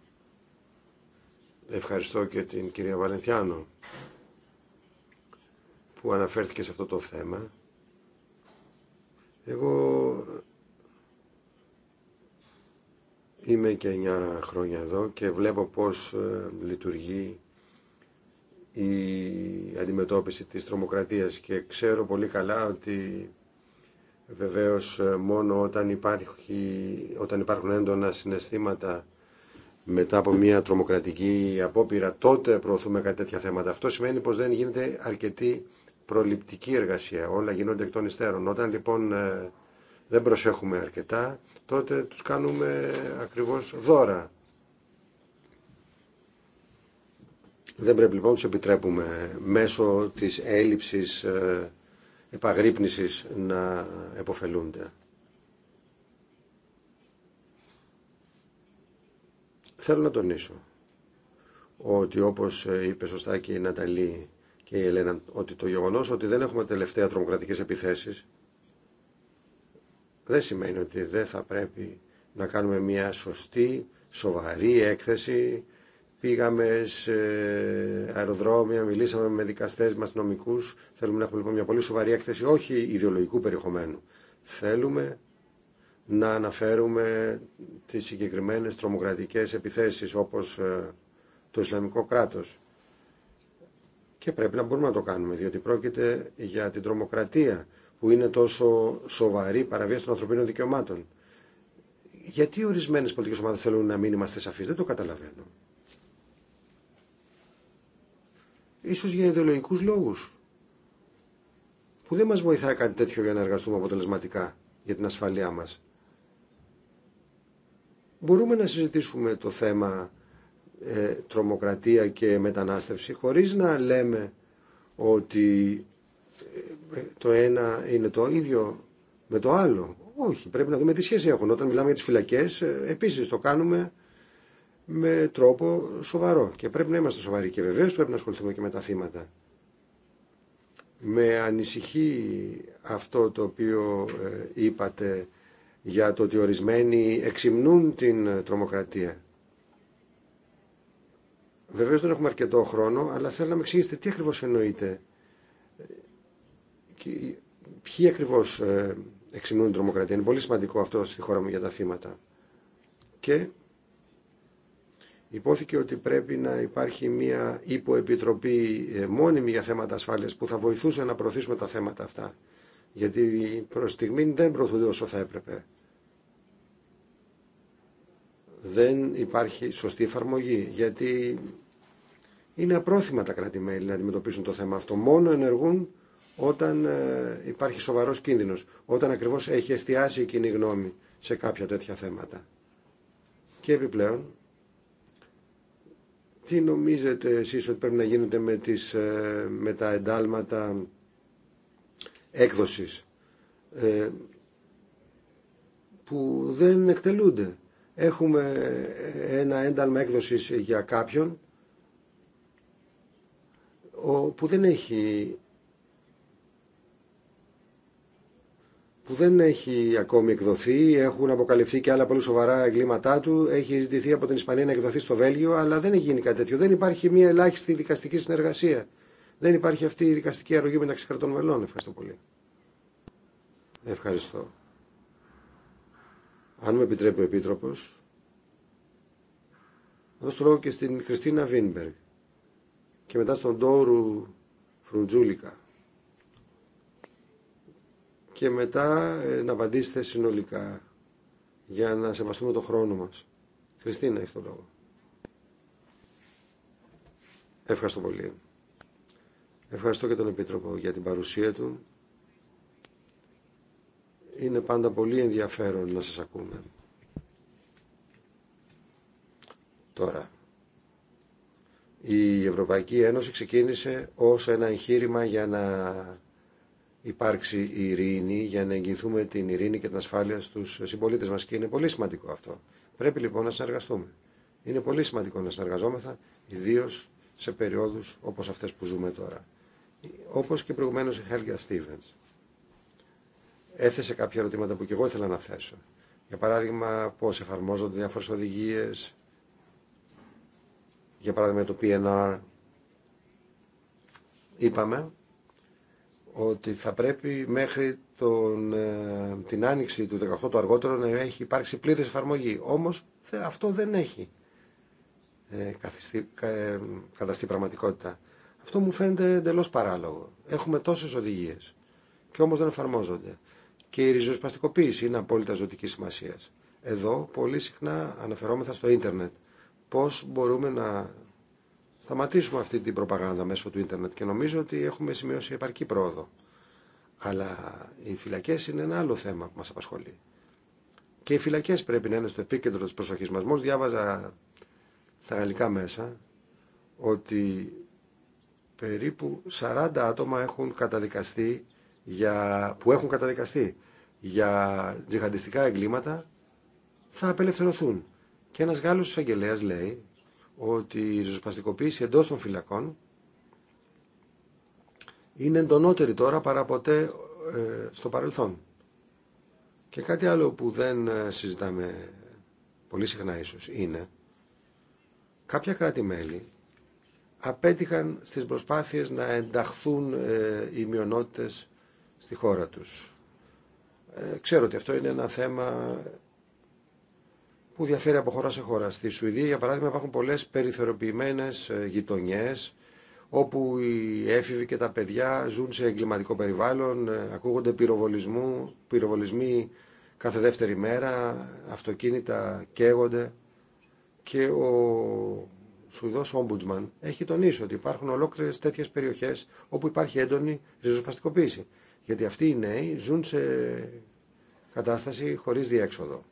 Ευχαριστώ και την κυρία Βαλεντιάνο που αναφέρθηκε σε αυτό το θέμα εγώ είμαι και 9 χρόνια εδώ και βλέπω πώς ε, λειτουργεί η αντιμετώπιση της τρομοκρατίας και ξέρω πολύ καλά ότι βεβαίως ε, μόνο όταν, υπάρχει, όταν υπάρχουν έντονα συναισθήματα μετά από μια τρομοκρατική απόπειρα τότε προωθούμε κάτι τέτοια θέματα. Αυτό σημαίνει πως δεν γίνεται αρκετή προληπτική εργασία. Όλα γίνονται εκ των υστέρων. Όταν λοιπόν ε, δεν προσέχουμε αρκετά, τότε τους κάνουμε ακριβώς δώρα. Δεν πρέπει λοιπόν να επιτρέπουμε μέσω της έλλειψης ε, επαγρύπνησης να εποφελούνται. Θέλω να τονίσω ότι όπως είπε σωστά και η Ναταλή, και λένε ότι το γεγονό ότι δεν έχουμε τελευταία τρομοκρατικέ επιθέσεις δεν σημαίνει ότι δεν θα πρέπει να κάνουμε μια σωστή, σοβαρή έκθεση. Πήγαμε σε αεροδρόμια, μιλήσαμε με δικαστές, με αστυνομικού. Θέλουμε να έχουμε λοιπόν μια πολύ σοβαρή έκθεση, όχι ιδεολογικού περιεχομένου. Θέλουμε να αναφέρουμε τις συγκεκριμένες τρομοκρατικές επιθέσεις όπως ε, το Ισλαμικό κράτος και πρέπει να μπορούμε να το κάνουμε, διότι πρόκειται για την τρομοκρατία που είναι τόσο σοβαρή παραβίαση των ανθρωπίνων δικαιωμάτων. Γιατί ορισμένε πολιτικέ ομάδε θέλουν να μην είμαστε σαφεί, δεν το καταλαβαίνω. Ίσως για ιδεολογικού λόγους, που δεν μας βοηθάει κάτι τέτοιο για να εργαστούμε αποτελεσματικά για την ασφαλεία μα. Μπορούμε να συζητήσουμε το θέμα ε, τρομοκρατία και μετανάστευση χωρίς να λέμε ότι ε, το ένα είναι το ίδιο με το άλλο. Όχι, πρέπει να δούμε τι σχέση έχουν. Όταν μιλάμε για τις φυλακές, ε, επίσης το κάνουμε με τρόπο σοβαρό. Και πρέπει να είμαστε σοβαροί και βεβαίως πρέπει να ασχοληθούμε και με τα θύματα. Με ανησυχεί αυτό το οποίο είπατε για το ότι ορισμένοι εξυμνούν την τρομοκρατία. Βεβαίω δεν έχουμε αρκετό χρόνο, αλλά θέλω να με εξηγήσετε τι ακριβώ εννοείτε. Και ποιοι ακριβώς ε, εξυμνούν την τρομοκρατία. Είναι πολύ σημαντικό αυτό στη χώρα μου για τα θύματα. Και υπόθηκε ότι πρέπει να υπάρχει μια υποεπιτροπή ε, μόνιμη για θέματα ασφάλειας που θα βοηθούσε να προωθήσουμε τα θέματα αυτά. Γιατί προς στιγμή δεν προωθούνται όσο θα έπρεπε δεν υπάρχει σωστή εφαρμογή, γιατί είναι απρόθυμα τα κράτη-μέλη να αντιμετωπίσουν το θέμα αυτό. Μόνο ενεργούν όταν ε, υπάρχει σοβαρός κίνδυνος, όταν ακριβώς έχει εστιάσει η κοινή γνώμη σε κάποια τέτοια θέματα. Και επιπλέον, τι νομίζετε εσείς ότι πρέπει να γίνεται με, τις, ε, με τα εντάλματα έκδοσης ε, που δεν εκτελούνται. Έχουμε ε, ένα ένταλμα έκδοσης για κάποιον που δεν έχει που δεν έχει ακόμη εκδοθεί, έχουν αποκαλυφθεί και άλλα πολύ σοβαρά εγκλήματά του, έχει ζητηθεί από την Ισπανία να εκδοθεί στο Βέλγιο, αλλά δεν έχει γίνει κάτι τέτοιο. Δεν υπάρχει μια ελάχιστη δικαστική συνεργασία. Δεν υπάρχει αυτή η δικαστική αρρωγή μεταξύ κρατών μελών. Ευχαριστώ πολύ. Ευχαριστώ αν μου επιτρέπει ο Επίτροπος, θα δώσω λόγο και στην Χριστίνα Βίνμπεργκ και μετά στον Τόρου Φρουντζούλικα και μετά ε, να απαντήσετε συνολικά για να σεβαστούμε το χρόνο μας. Χριστίνα, έχεις το λόγο. Ευχαριστώ πολύ. Ευχαριστώ και τον Επίτροπο για την παρουσία του είναι πάντα πολύ ενδιαφέρον να σας ακούμε. Τώρα, η Ευρωπαϊκή Ένωση ξεκίνησε ως ένα εγχείρημα για να υπάρξει ειρήνη, για να εγγυηθούμε την ειρήνη και την ασφάλεια στους συμπολίτες μας και είναι πολύ σημαντικό αυτό. Πρέπει λοιπόν να συνεργαστούμε. Είναι πολύ σημαντικό να συνεργαζόμεθα, ιδίω σε περιόδους όπως αυτές που ζούμε τώρα. Όπως και προηγουμένως η Χέλγια Στίβενς έθεσε κάποια ερωτήματα που και εγώ ήθελα να θέσω. Για παράδειγμα, πώς εφαρμόζονται διάφορες οδηγίες, για παράδειγμα το PNR. Είπαμε ότι θα πρέπει μέχρι τον, ε, την άνοιξη του 18 το αργότερο να έχει υπάρξει πλήρης εφαρμογή. Όμως αυτό δεν έχει ε, ε, καταστεί πραγματικότητα. Αυτό μου φαίνεται εντελώ παράλογο. Έχουμε τόσες οδηγίες και όμως δεν εφαρμόζονται και η ριζοσπαστικοποίηση είναι απόλυτα ζωτική σημασία. Εδώ πολύ συχνά αναφερόμεθα στο ίντερνετ. Πώ μπορούμε να σταματήσουμε αυτή την προπαγάνδα μέσω του ίντερνετ και νομίζω ότι έχουμε σημειώσει επαρκή πρόοδο. Αλλά οι φυλακέ είναι ένα άλλο θέμα που μα απασχολεί. Και οι φυλακέ πρέπει να είναι στο επίκεντρο τη προσοχή. μας. Μόλι διάβαζα στα γαλλικά μέσα ότι περίπου 40 άτομα έχουν καταδικαστεί για, που έχουν καταδικαστεί για τζιχαντιστικά εγκλήματα θα απελευθερωθούν. Και ένας Γάλλος εισαγγελέα λέει ότι η ριζοσπαστικοποίηση εντός των φυλακών είναι εντονότερη τώρα παρά ποτέ ε, στο παρελθόν. Και κάτι άλλο που δεν ε, συζητάμε πολύ συχνά ίσως είναι κάποια κράτη-μέλη απέτυχαν στις προσπάθειες να ενταχθούν ε, οι μειονότητες στη χώρα τους. Ε, ξέρω ότι αυτό είναι ένα θέμα που διαφέρει από χώρα σε χώρα. Στη Σουηδία, για παράδειγμα, υπάρχουν πολλές περιθωριοποιημένες ε, γειτονιές όπου οι έφηβοι και τα παιδιά ζουν σε εγκληματικό περιβάλλον, ε, ακούγονται πυροβολισμού, πυροβολισμοί κάθε δεύτερη μέρα, αυτοκίνητα καίγονται και ο Σουηδός Ομπούτσμαν έχει τονίσει ότι υπάρχουν ολόκληρες τέτοιες περιοχές όπου υπάρχει έντονη ριζοσπαστικοποίηση. Γιατί αυτοί οι νέοι ζουν σε κατάσταση χωρίς διέξοδο.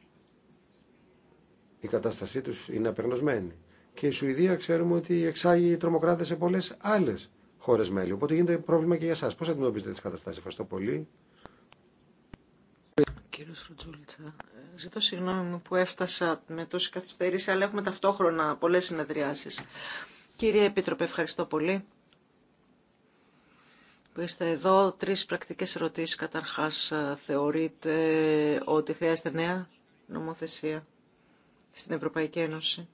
Η κατάστασή τους είναι απεγνωσμένη. Και η Σουηδία ξέρουμε ότι εξάγει τρομοκράτες σε πολλέ άλλες χώρες μέλη. Οπότε γίνεται πρόβλημα και για εσά. Πώς αντιμετωπίζετε τι κατάσταση; Ευχαριστώ πολύ. Κύριε Φρουτζούλητσα, ζητώ συγγνώμη μου που έφτασα με τόση καθυστέρηση, αλλά έχουμε ταυτόχρονα πολλέ συνεδριάσει. Κύριε Επίτροπε, ευχαριστώ πολύ που είστε εδώ. Τρεις πρακτικές ερωτήσεις. Καταρχάς, ε, θεωρείτε ότι χρειάζεται νέα νομοθεσία στην Ευρωπαϊκή Ένωση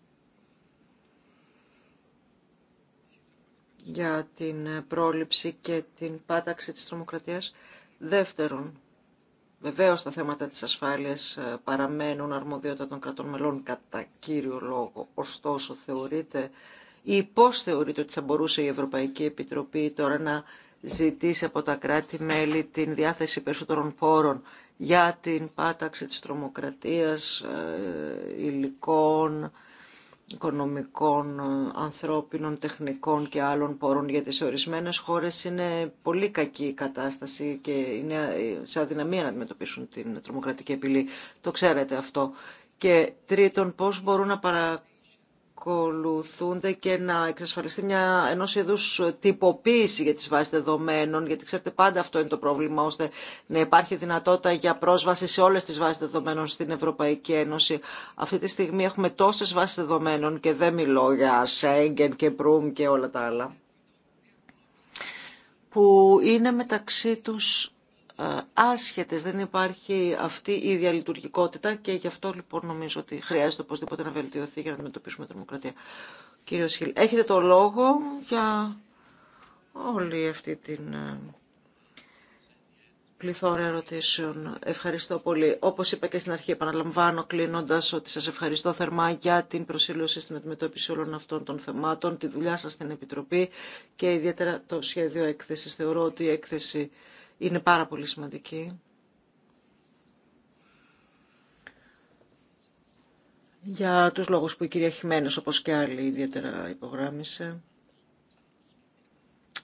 για την ε, πρόληψη και την πάταξη της τρομοκρατίας. Δεύτερον, βεβαίως τα θέματα της ασφάλειας ε, παραμένουν αρμοδιότητα των κρατών μελών κατά κύριο λόγο. Ωστόσο, θεωρείτε ή πώς θεωρείτε ότι θα μπορούσε η Ευρωπαϊκή Επιτροπή τώρα να ζητήσει από τα κράτη-μέλη την διάθεση περισσότερων πόρων για την πάταξη της τρομοκρατίας, ε, υλικών, οικονομικών, ε, ανθρώπινων, τεχνικών και άλλων πόρων για τις ορισμένες χώρες είναι πολύ κακή η κατάσταση και είναι ε, σε αδυναμία να αντιμετωπίσουν την τρομοκρατική απειλή. Το ξέρετε αυτό. Και τρίτον, πώς μπορούν να παρακολουθούν ακολουθούνται και να εξασφαλιστεί μια ενό είδου τυποποίηση για τις βάσεις δεδομένων, γιατί ξέρετε πάντα αυτό είναι το πρόβλημα, ώστε να υπάρχει δυνατότητα για πρόσβαση σε όλες τις βάσεις δεδομένων στην Ευρωπαϊκή Ένωση. Αυτή τη στιγμή έχουμε τόσες βάσεις δεδομένων και δεν μιλώ για Σέγγεν και Προυμ και όλα τα άλλα που είναι μεταξύ τους ε, άσχετες, δεν υπάρχει αυτή η διαλειτουργικότητα και γι' αυτό λοιπόν νομίζω ότι χρειάζεται οπωσδήποτε να βελτιωθεί για να αντιμετωπίσουμε τη δημοκρατία. Κύριο Χιλ, έχετε το λόγο για όλη αυτή την ε, πληθώρα ερωτήσεων. Ευχαριστώ πολύ. Όπως είπα και στην αρχή, επαναλαμβάνω κλείνοντας ότι σας ευχαριστώ θερμά για την προσήλωση στην αντιμετώπιση όλων αυτών των θεμάτων, τη δουλειά σας στην Επιτροπή και ιδιαίτερα το σχέδιο έκθεσης. Θεωρώ ότι η έκθεση είναι πάρα πολύ σημαντική. Για τους λόγους που η κυρία Χιμένες, όπως και άλλοι, ιδιαίτερα υπογράμμισε.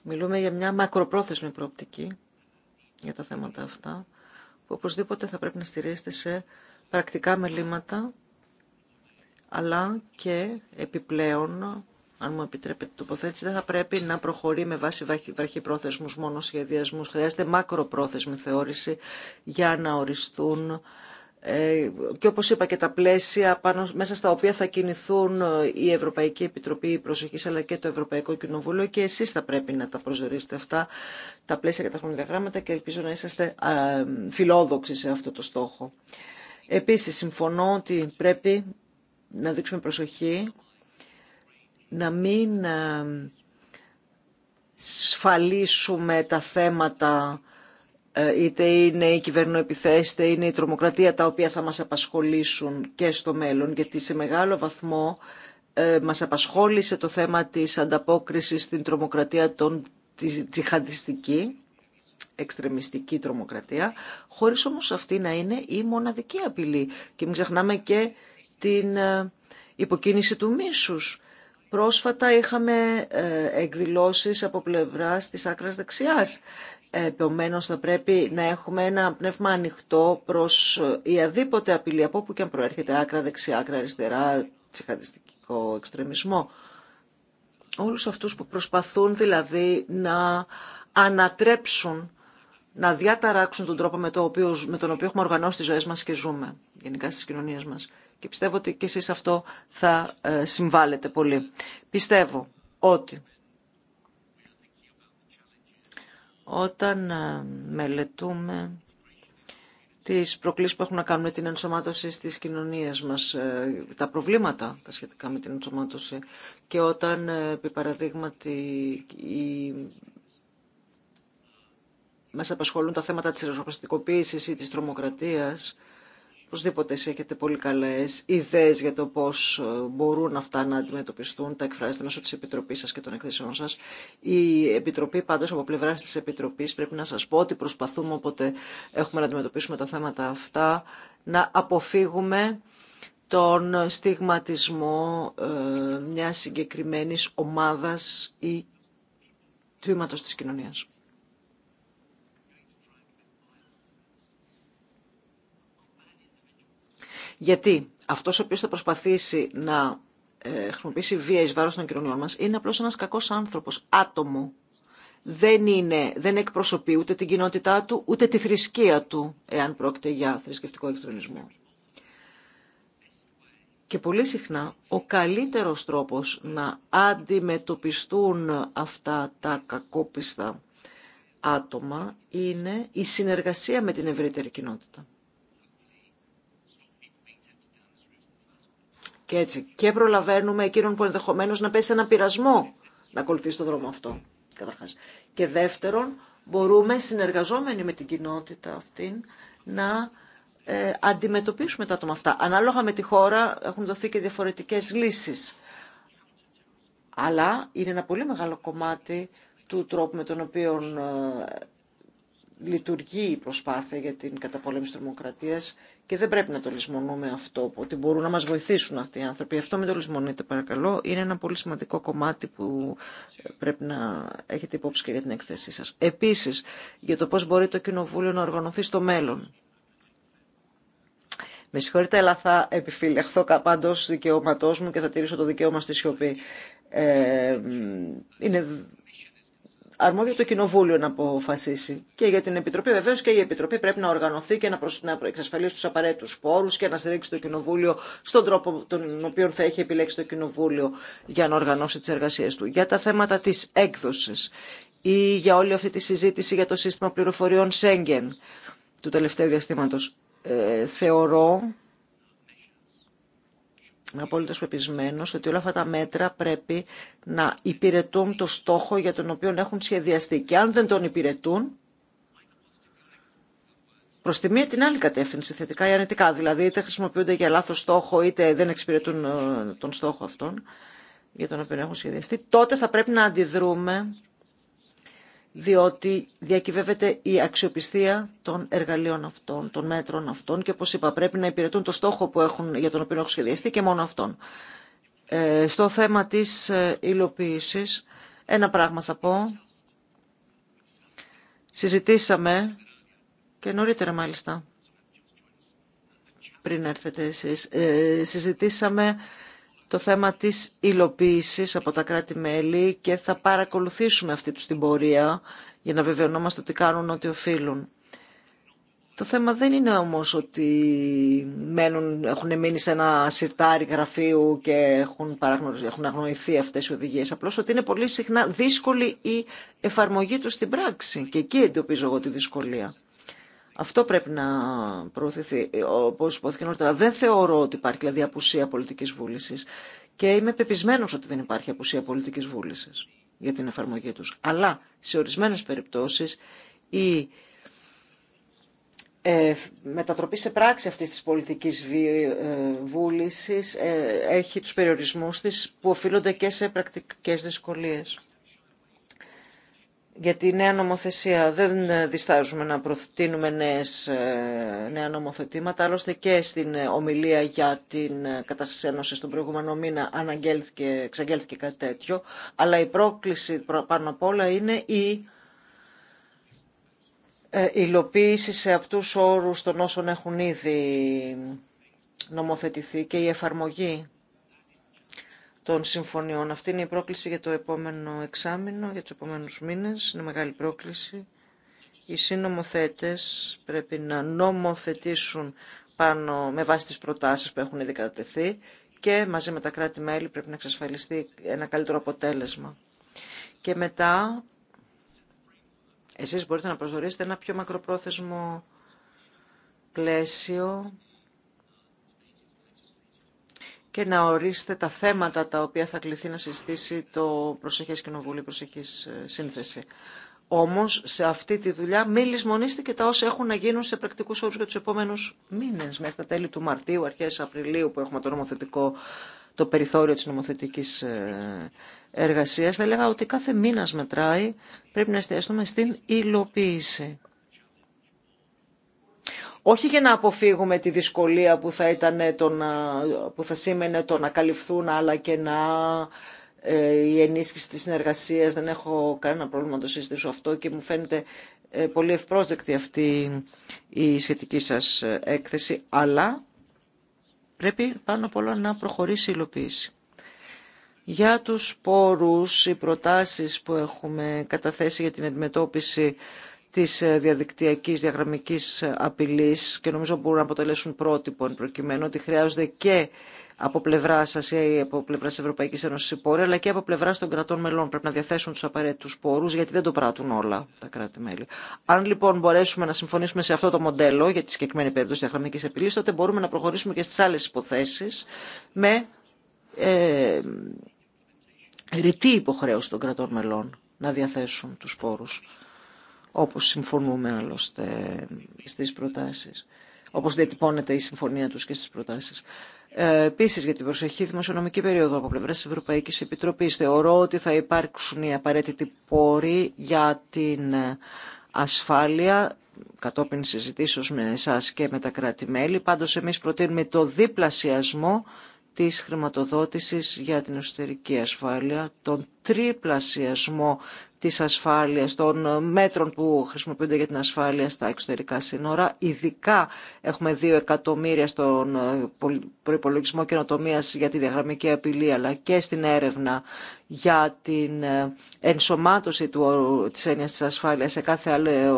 Μιλούμε για μια μακροπρόθεσμη προοπτική για τα θέματα αυτά, που οπωσδήποτε θα πρέπει να στηρίζεται σε πρακτικά μελήματα, αλλά και επιπλέον αν μου επιτρέπετε τοποθέτηση, δεν θα πρέπει να προχωρεί με βάση βραχυπρόθεσμους μόνο σχεδιασμούς. Χρειάζεται μακροπρόθεσμη θεώρηση για να οριστούν ε, και όπως είπα και τα πλαίσια πάνω, μέσα στα οποία θα κινηθούν ε, η Ευρωπαϊκή Επιτροπή Προσοχής αλλά και το Ευρωπαϊκό Κοινοβούλιο και εσείς θα πρέπει να τα προσδιορίσετε αυτά τα πλαίσια και τα χρονοδιαγράμματα και ελπίζω να είσαστε φιλόδοξοι σε αυτό το στόχο. Επίσης συμφωνώ ότι πρέπει να δείξουμε προσοχή να μην ε, σφαλίσουμε τα θέματα ε, είτε είναι η κυβερνοεπιθέσεις, είτε είναι η τρομοκρατία τα οποία θα μας απασχολήσουν και στο μέλλον, γιατί σε μεγάλο βαθμό ε, μας απασχόλησε το θέμα της ανταπόκρισης στην τρομοκρατία των τη τσιχαντιστική, εξτρεμιστική τρομοκρατία, χωρίς όμως αυτή να είναι η μοναδική απειλή. Και μην ξεχνάμε και την υποκίνηση του μίσους Πρόσφατα είχαμε ε, εκδηλώσεις από πλευράς της άκρας δεξιάς. Ε, επομένως θα πρέπει να έχουμε ένα πνεύμα ανοιχτό προς ε, η αδίποτε απειλή από όπου και αν προέρχεται άκρα δεξιά, άκρα αριστερά, τσιχαντιστικό εξτρεμισμό. Όλους αυτούς που προσπαθούν δηλαδή να ανατρέψουν, να διαταράξουν τον τρόπο με, οποίο, με τον οποίο έχουμε οργανώσει τις ζωές μας και ζούμε γενικά στις κοινωνίες μας και πιστεύω ότι και εσείς αυτό θα ε, συμβάλλετε πολύ. Πιστεύω ότι όταν ε, μελετούμε τις προκλήσεις που έχουν να κάνουν με την ενσωμάτωση στις κοινωνίες μας, ε, τα προβλήματα τα σχετικά με την ενσωμάτωση και όταν, επί παραδείγματι, η... μας απασχολούν τα θέματα της ρεζοπαστικοποίησης ή της τρομοκρατίας, Οπωσδήποτε εσείς έχετε πολύ καλέ ιδέε για το πώς ε, μπορούν αυτά να αντιμετωπιστούν, τα εκφράζετε μέσω τη Επιτροπής σας και των εκθέσεών σας. Η Επιτροπή πάντως από πλευρά τη Επιτροπής πρέπει να σας πω ότι προσπαθούμε όποτε έχουμε να αντιμετωπίσουμε τα θέματα αυτά να αποφύγουμε τον στιγματισμό ε, μιας συγκεκριμένης ομάδας ή τμήματος της κοινωνίας. Γιατί αυτός ο οποίος θα προσπαθήσει να ε, χρησιμοποιήσει βία ει βάρο των κοινωνιών μα είναι απλώς ένας κακός άνθρωπος, άτομο. Δεν, είναι, δεν εκπροσωπεί ούτε την κοινότητά του, ούτε τη θρησκεία του, εάν πρόκειται για θρησκευτικό εξτρεμισμό. Και πολύ συχνά ο καλύτερος τρόπος να αντιμετωπιστούν αυτά τα κακόπιστα άτομα είναι η συνεργασία με την ευρύτερη κοινότητα. Και έτσι και προλαβαίνουμε εκείνον που ενδεχομένω να πέσει ένα πειρασμό να ακολουθεί τον δρόμο αυτό. Καταρχάς. Και δεύτερον, μπορούμε συνεργαζόμενοι με την κοινότητα αυτήν να ε, αντιμετωπίσουμε τα άτομα αυτά. Ανάλογα με τη χώρα έχουν δοθεί και διαφορετικές λύσεις. Αλλά είναι ένα πολύ μεγάλο κομμάτι του τρόπου με τον οποίο ε, λειτουργεί η προσπάθεια για την καταπολέμηση τρομοκρατία και δεν πρέπει να το λησμονούμε αυτό, ότι μπορούν να μας βοηθήσουν αυτοί οι άνθρωποι. Αυτό μην το λησμονείτε παρακαλώ, είναι ένα πολύ σημαντικό κομμάτι που ε, πρέπει να έχετε υπόψη και για την εκθέσή σας. Επίσης, για το πώς μπορεί το Κοινοβούλιο να οργανωθεί στο μέλλον. Με συγχωρείτε, αλλά θα επιφυλαχθώ πάντω δικαιώματό μου και θα τηρήσω το δικαίωμα στη σιωπή. Ε, είναι αρμόδιο το Κοινοβούλιο να αποφασίσει. Και για την Επιτροπή βεβαίω και η Επιτροπή πρέπει να οργανωθεί και να, εξασφαλίσει του απαραίτητου πόρου και να στηρίξει το Κοινοβούλιο στον τρόπο τον οποίο θα έχει επιλέξει το Κοινοβούλιο για να οργανώσει τι εργασίε του. Για τα θέματα τη έκδοση ή για όλη αυτή τη συζήτηση για το σύστημα πληροφοριών Σέγγεν του τελευταίου διαστήματο ε, θεωρώ απόλυτα πεπισμένο ότι όλα αυτά τα μέτρα πρέπει να υπηρετούν το στόχο για τον οποίο έχουν σχεδιαστεί. Και αν δεν τον υπηρετούν, προ τη μία την άλλη κατεύθυνση, θετικά ή αρνητικά. Δηλαδή, είτε χρησιμοποιούνται για λάθο στόχο, είτε δεν εξυπηρετούν ε, τον στόχο αυτόν για τον οποίο έχουν σχεδιαστεί, τότε θα πρέπει να αντιδρούμε διότι διακυβεύεται η αξιοπιστία των εργαλείων αυτών, των μέτρων αυτών και όπως είπα πρέπει να υπηρετούν το στόχο που έχουν, για τον οποίο έχουν σχεδιαστεί και μόνο αυτόν. Ε, στο θέμα της ε, υλοποίηση, ένα πράγμα θα πω. Συζητήσαμε και νωρίτερα μάλιστα πριν έρθετε εσείς, ε, συζητήσαμε το θέμα της υλοποίησης από τα κράτη-μέλη και θα παρακολουθήσουμε αυτή τους την πορεία για να βεβαιωνόμαστε ότι κάνουν ό,τι οφείλουν. Το θέμα δεν είναι όμως ότι μένουν, έχουν μείνει σε ένα σιρτάρι γραφείου και έχουν, έχουν αγνοηθεί αυτές οι οδηγίες. Απλώς ότι είναι πολύ συχνά δύσκολη η εφαρμογή τους στην πράξη. Και εκεί εντοπίζω εγώ τη δυσκολία. Αυτό πρέπει να προωθηθεί, όπω υπόθηκε νωρίτερα. Δεν θεωρώ ότι υπάρχει δηλαδή απουσία πολιτική βούληση και είμαι πεπισμένο ότι δεν υπάρχει απουσία πολιτική βούληση για την εφαρμογή του. Αλλά σε ορισμένε περιπτώσει η ε, μετατροπή σε πράξη αυτής της πολιτικής ε, βούλησης ε, έχει τους περιορισμούς της που οφείλονται και σε πρακτικέ δυσκολίε για τη νέα νομοθεσία δεν ε, διστάζουμε να προτείνουμε νέες, ε, νέα νομοθετήματα. Άλλωστε και στην ε, ομιλία για την κατάσταση ένωση τον προηγούμενο μήνα αναγγέλθηκε, εξαγγέλθηκε κάτι τέτοιο. Αλλά η πρόκληση πάνω απ' όλα είναι η υλοποίηση σε αυτούς όρους των όσων έχουν ήδη νομοθετηθεί και η εφαρμογή των συμφωνιών. Αυτή είναι η πρόκληση για το επόμενο εξάμεινο, για τους επόμενους μήνες. Είναι μεγάλη πρόκληση. Οι συνομοθέτες πρέπει να νομοθετήσουν πάνω με βάση τις προτάσεις που έχουν ήδη κατατεθεί και μαζί με τα κράτη-μέλη πρέπει να εξασφαλιστεί ένα καλύτερο αποτέλεσμα. Και μετά εσείς μπορείτε να προσδορίσετε ένα πιο μακροπρόθεσμο πλαίσιο και να ορίσετε τα θέματα τα οποία θα κληθεί να συζητήσει το προσεχές κοινοβούλιο, προσεχής ε, σύνθεση. Όμως σε αυτή τη δουλειά μη και τα όσα έχουν να γίνουν σε πρακτικούς όρους για τους επόμενους μήνες, μέχρι τα τέλη του Μαρτίου, αρχές Απριλίου που έχουμε το νομοθετικό το περιθώριο της νομοθετική ε, εργασίας, θα έλεγα ότι κάθε μήνας μετράει, πρέπει να εστιαστούμε στην υλοποίηση όχι για να αποφύγουμε τη δυσκολία που θα, ήταν το να, που θα σήμαινε το να καλυφθούν άλλα κενά, η ενίσχυση της συνεργασίας, δεν έχω κανένα πρόβλημα να το συζητήσω αυτό και μου φαίνεται ε, πολύ ευπρόσδεκτη αυτή η σχετική σας έκθεση, αλλά πρέπει πάνω απ' όλα να προχωρήσει η υλοποίηση. Για τους πόρους, οι προτάσεις που έχουμε καταθέσει για την αντιμετώπιση της ε, διαδικτυακής διαγραμμικής ε, απειλής και νομίζω μπορούν να αποτελέσουν πρότυπο εν προκειμένου ότι χρειάζονται και από πλευρά σα ή από πλευρά Ευρωπαϊκή Ένωση πόροι, αλλά και από πλευρά των κρατών μελών. Πρέπει να διαθέσουν του απαραίτητου πόρου, γιατί δεν το πράττουν όλα τα κράτη-μέλη. Αν λοιπόν μπορέσουμε να συμφωνήσουμε σε αυτό το μοντέλο, για τη συγκεκριμένη περίπτωση διαχρονική επιλύση, τότε μπορούμε να προχωρήσουμε και στι άλλε υποθέσει με ε, ρητή υποχρέωση των κρατών μελών να διαθέσουν του πόρου όπως συμφωνούμε άλλωστε στις προτάσεις, όπως διατυπώνεται η συμφωνία τους και στις προτάσεις. Ε, Επίση, για την προσεχή δημοσιονομική περίοδο από πλευρά τη Ευρωπαϊκή Επιτροπή, θεωρώ ότι θα υπάρξουν οι απαραίτητοι πόροι για την ε, ασφάλεια κατόπιν συζητήσεως με εσά και με τα κράτη-μέλη. Πάντως, εμεί προτείνουμε το διπλασιασμό της χρηματοδότησης για την εσωτερική ασφάλεια, τον τριπλασιασμό της ασφάλειας, των μέτρων που χρησιμοποιούνται για την ασφάλεια στα εξωτερικά σύνορα. Ειδικά έχουμε δύο εκατομμύρια στον ε, προϋπολογισμό καινοτομία για τη διαγραμμική απειλή, αλλά και στην έρευνα για την ε, ενσωμάτωση του, της έννοιας της ασφάλειας σε κάθε άλλο ε,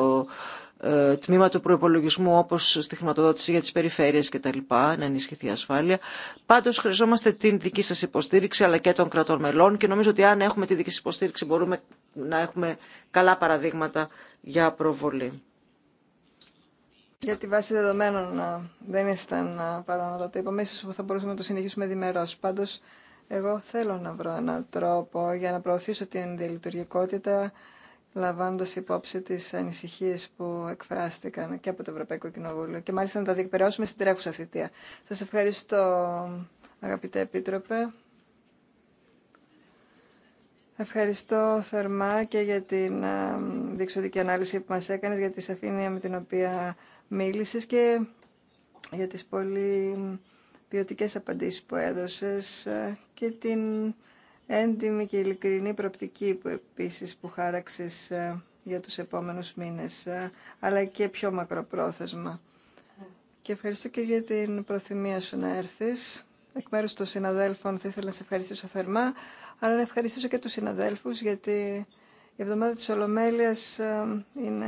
ε, τμήμα του προπολογισμού όπω στη χρηματοδότηση για τι περιφέρειες κτλ. Να ενισχυθεί η ασφάλεια. Πάντω χρειαζόμαστε την δική σα υποστήριξη αλλά και των κρατών μελών και νομίζω ότι αν έχουμε τη δική σα υποστήριξη μπορούμε να έχουμε καλά παραδείγματα για προβολή. Για τη βάση δεδομένων δεν ήσταν να το είπαμε. Ίσως θα μπορούσαμε να το συνεχίσουμε διμερώς. Πάντω, εγώ θέλω να βρω έναν τρόπο για να προωθήσω την διαλειτουργικότητα Λαμβάνοντα υπόψη τι ανησυχίε που εκφράστηκαν και από το Ευρωπαϊκό Κοινοβούλιο και μάλιστα να τα διεκπαιρεώσουμε στην τρέχουσα θητεία. Σα ευχαριστώ αγαπητέ Επίτροπε. Ευχαριστώ θερμά και για την διεξοδική ανάλυση που μας έκανες, για τη σαφήνεια με την οποία μίλησες και για τις πολύ ποιοτικές απαντήσεις που έδωσες και την έντιμη και ειλικρινή προπτική που επίσης που χάραξες ε, για τους επόμενους μήνες, ε, αλλά και πιο μακροπρόθεσμα. Ναι. Και ευχαριστώ και για την προθυμία σου να έρθεις. Εκ μέρους των συναδέλφων θα ήθελα να σε ευχαριστήσω θερμά, αλλά να ευχαριστήσω και τους συναδέλφους, γιατί η εβδομάδα της Ολομέλειας ε, είναι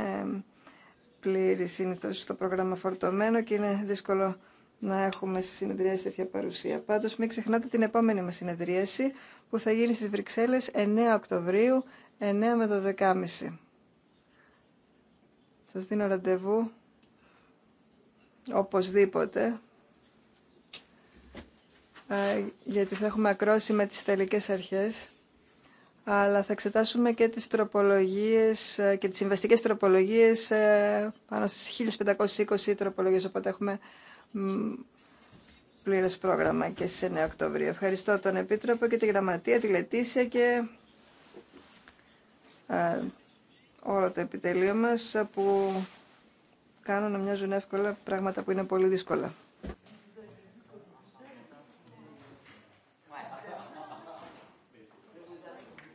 πλήρη συνήθως στο πρόγραμμα φορτωμένο και είναι δύσκολο να έχουμε σε συνεδρίαση τέτοια παρουσία. Πάντως μην ξεχνάτε την επόμενη μας συνεδρίαση που θα γίνει στις Βρυξέλλες 9 Οκτωβρίου 9 με 12.30. Σα δίνω ραντεβού οπωσδήποτε ε, γιατί θα έχουμε ακρόση με τις τελικές αρχές αλλά θα εξετάσουμε και τις τροπολογίες ε, και τις συμβαστικές τροπολογίες ε, πάνω στις 1520 τροπολογίες οπότε έχουμε Πλήρε πρόγραμμα και στι 9 Οκτωβρίου. Ευχαριστώ τον Επίτροπο και τη Γραμματεία, τη Λετήσια και ε, όλο το επιτελείο μας που κάνουν να μοιάζουν εύκολα πράγματα που είναι πολύ δύσκολα.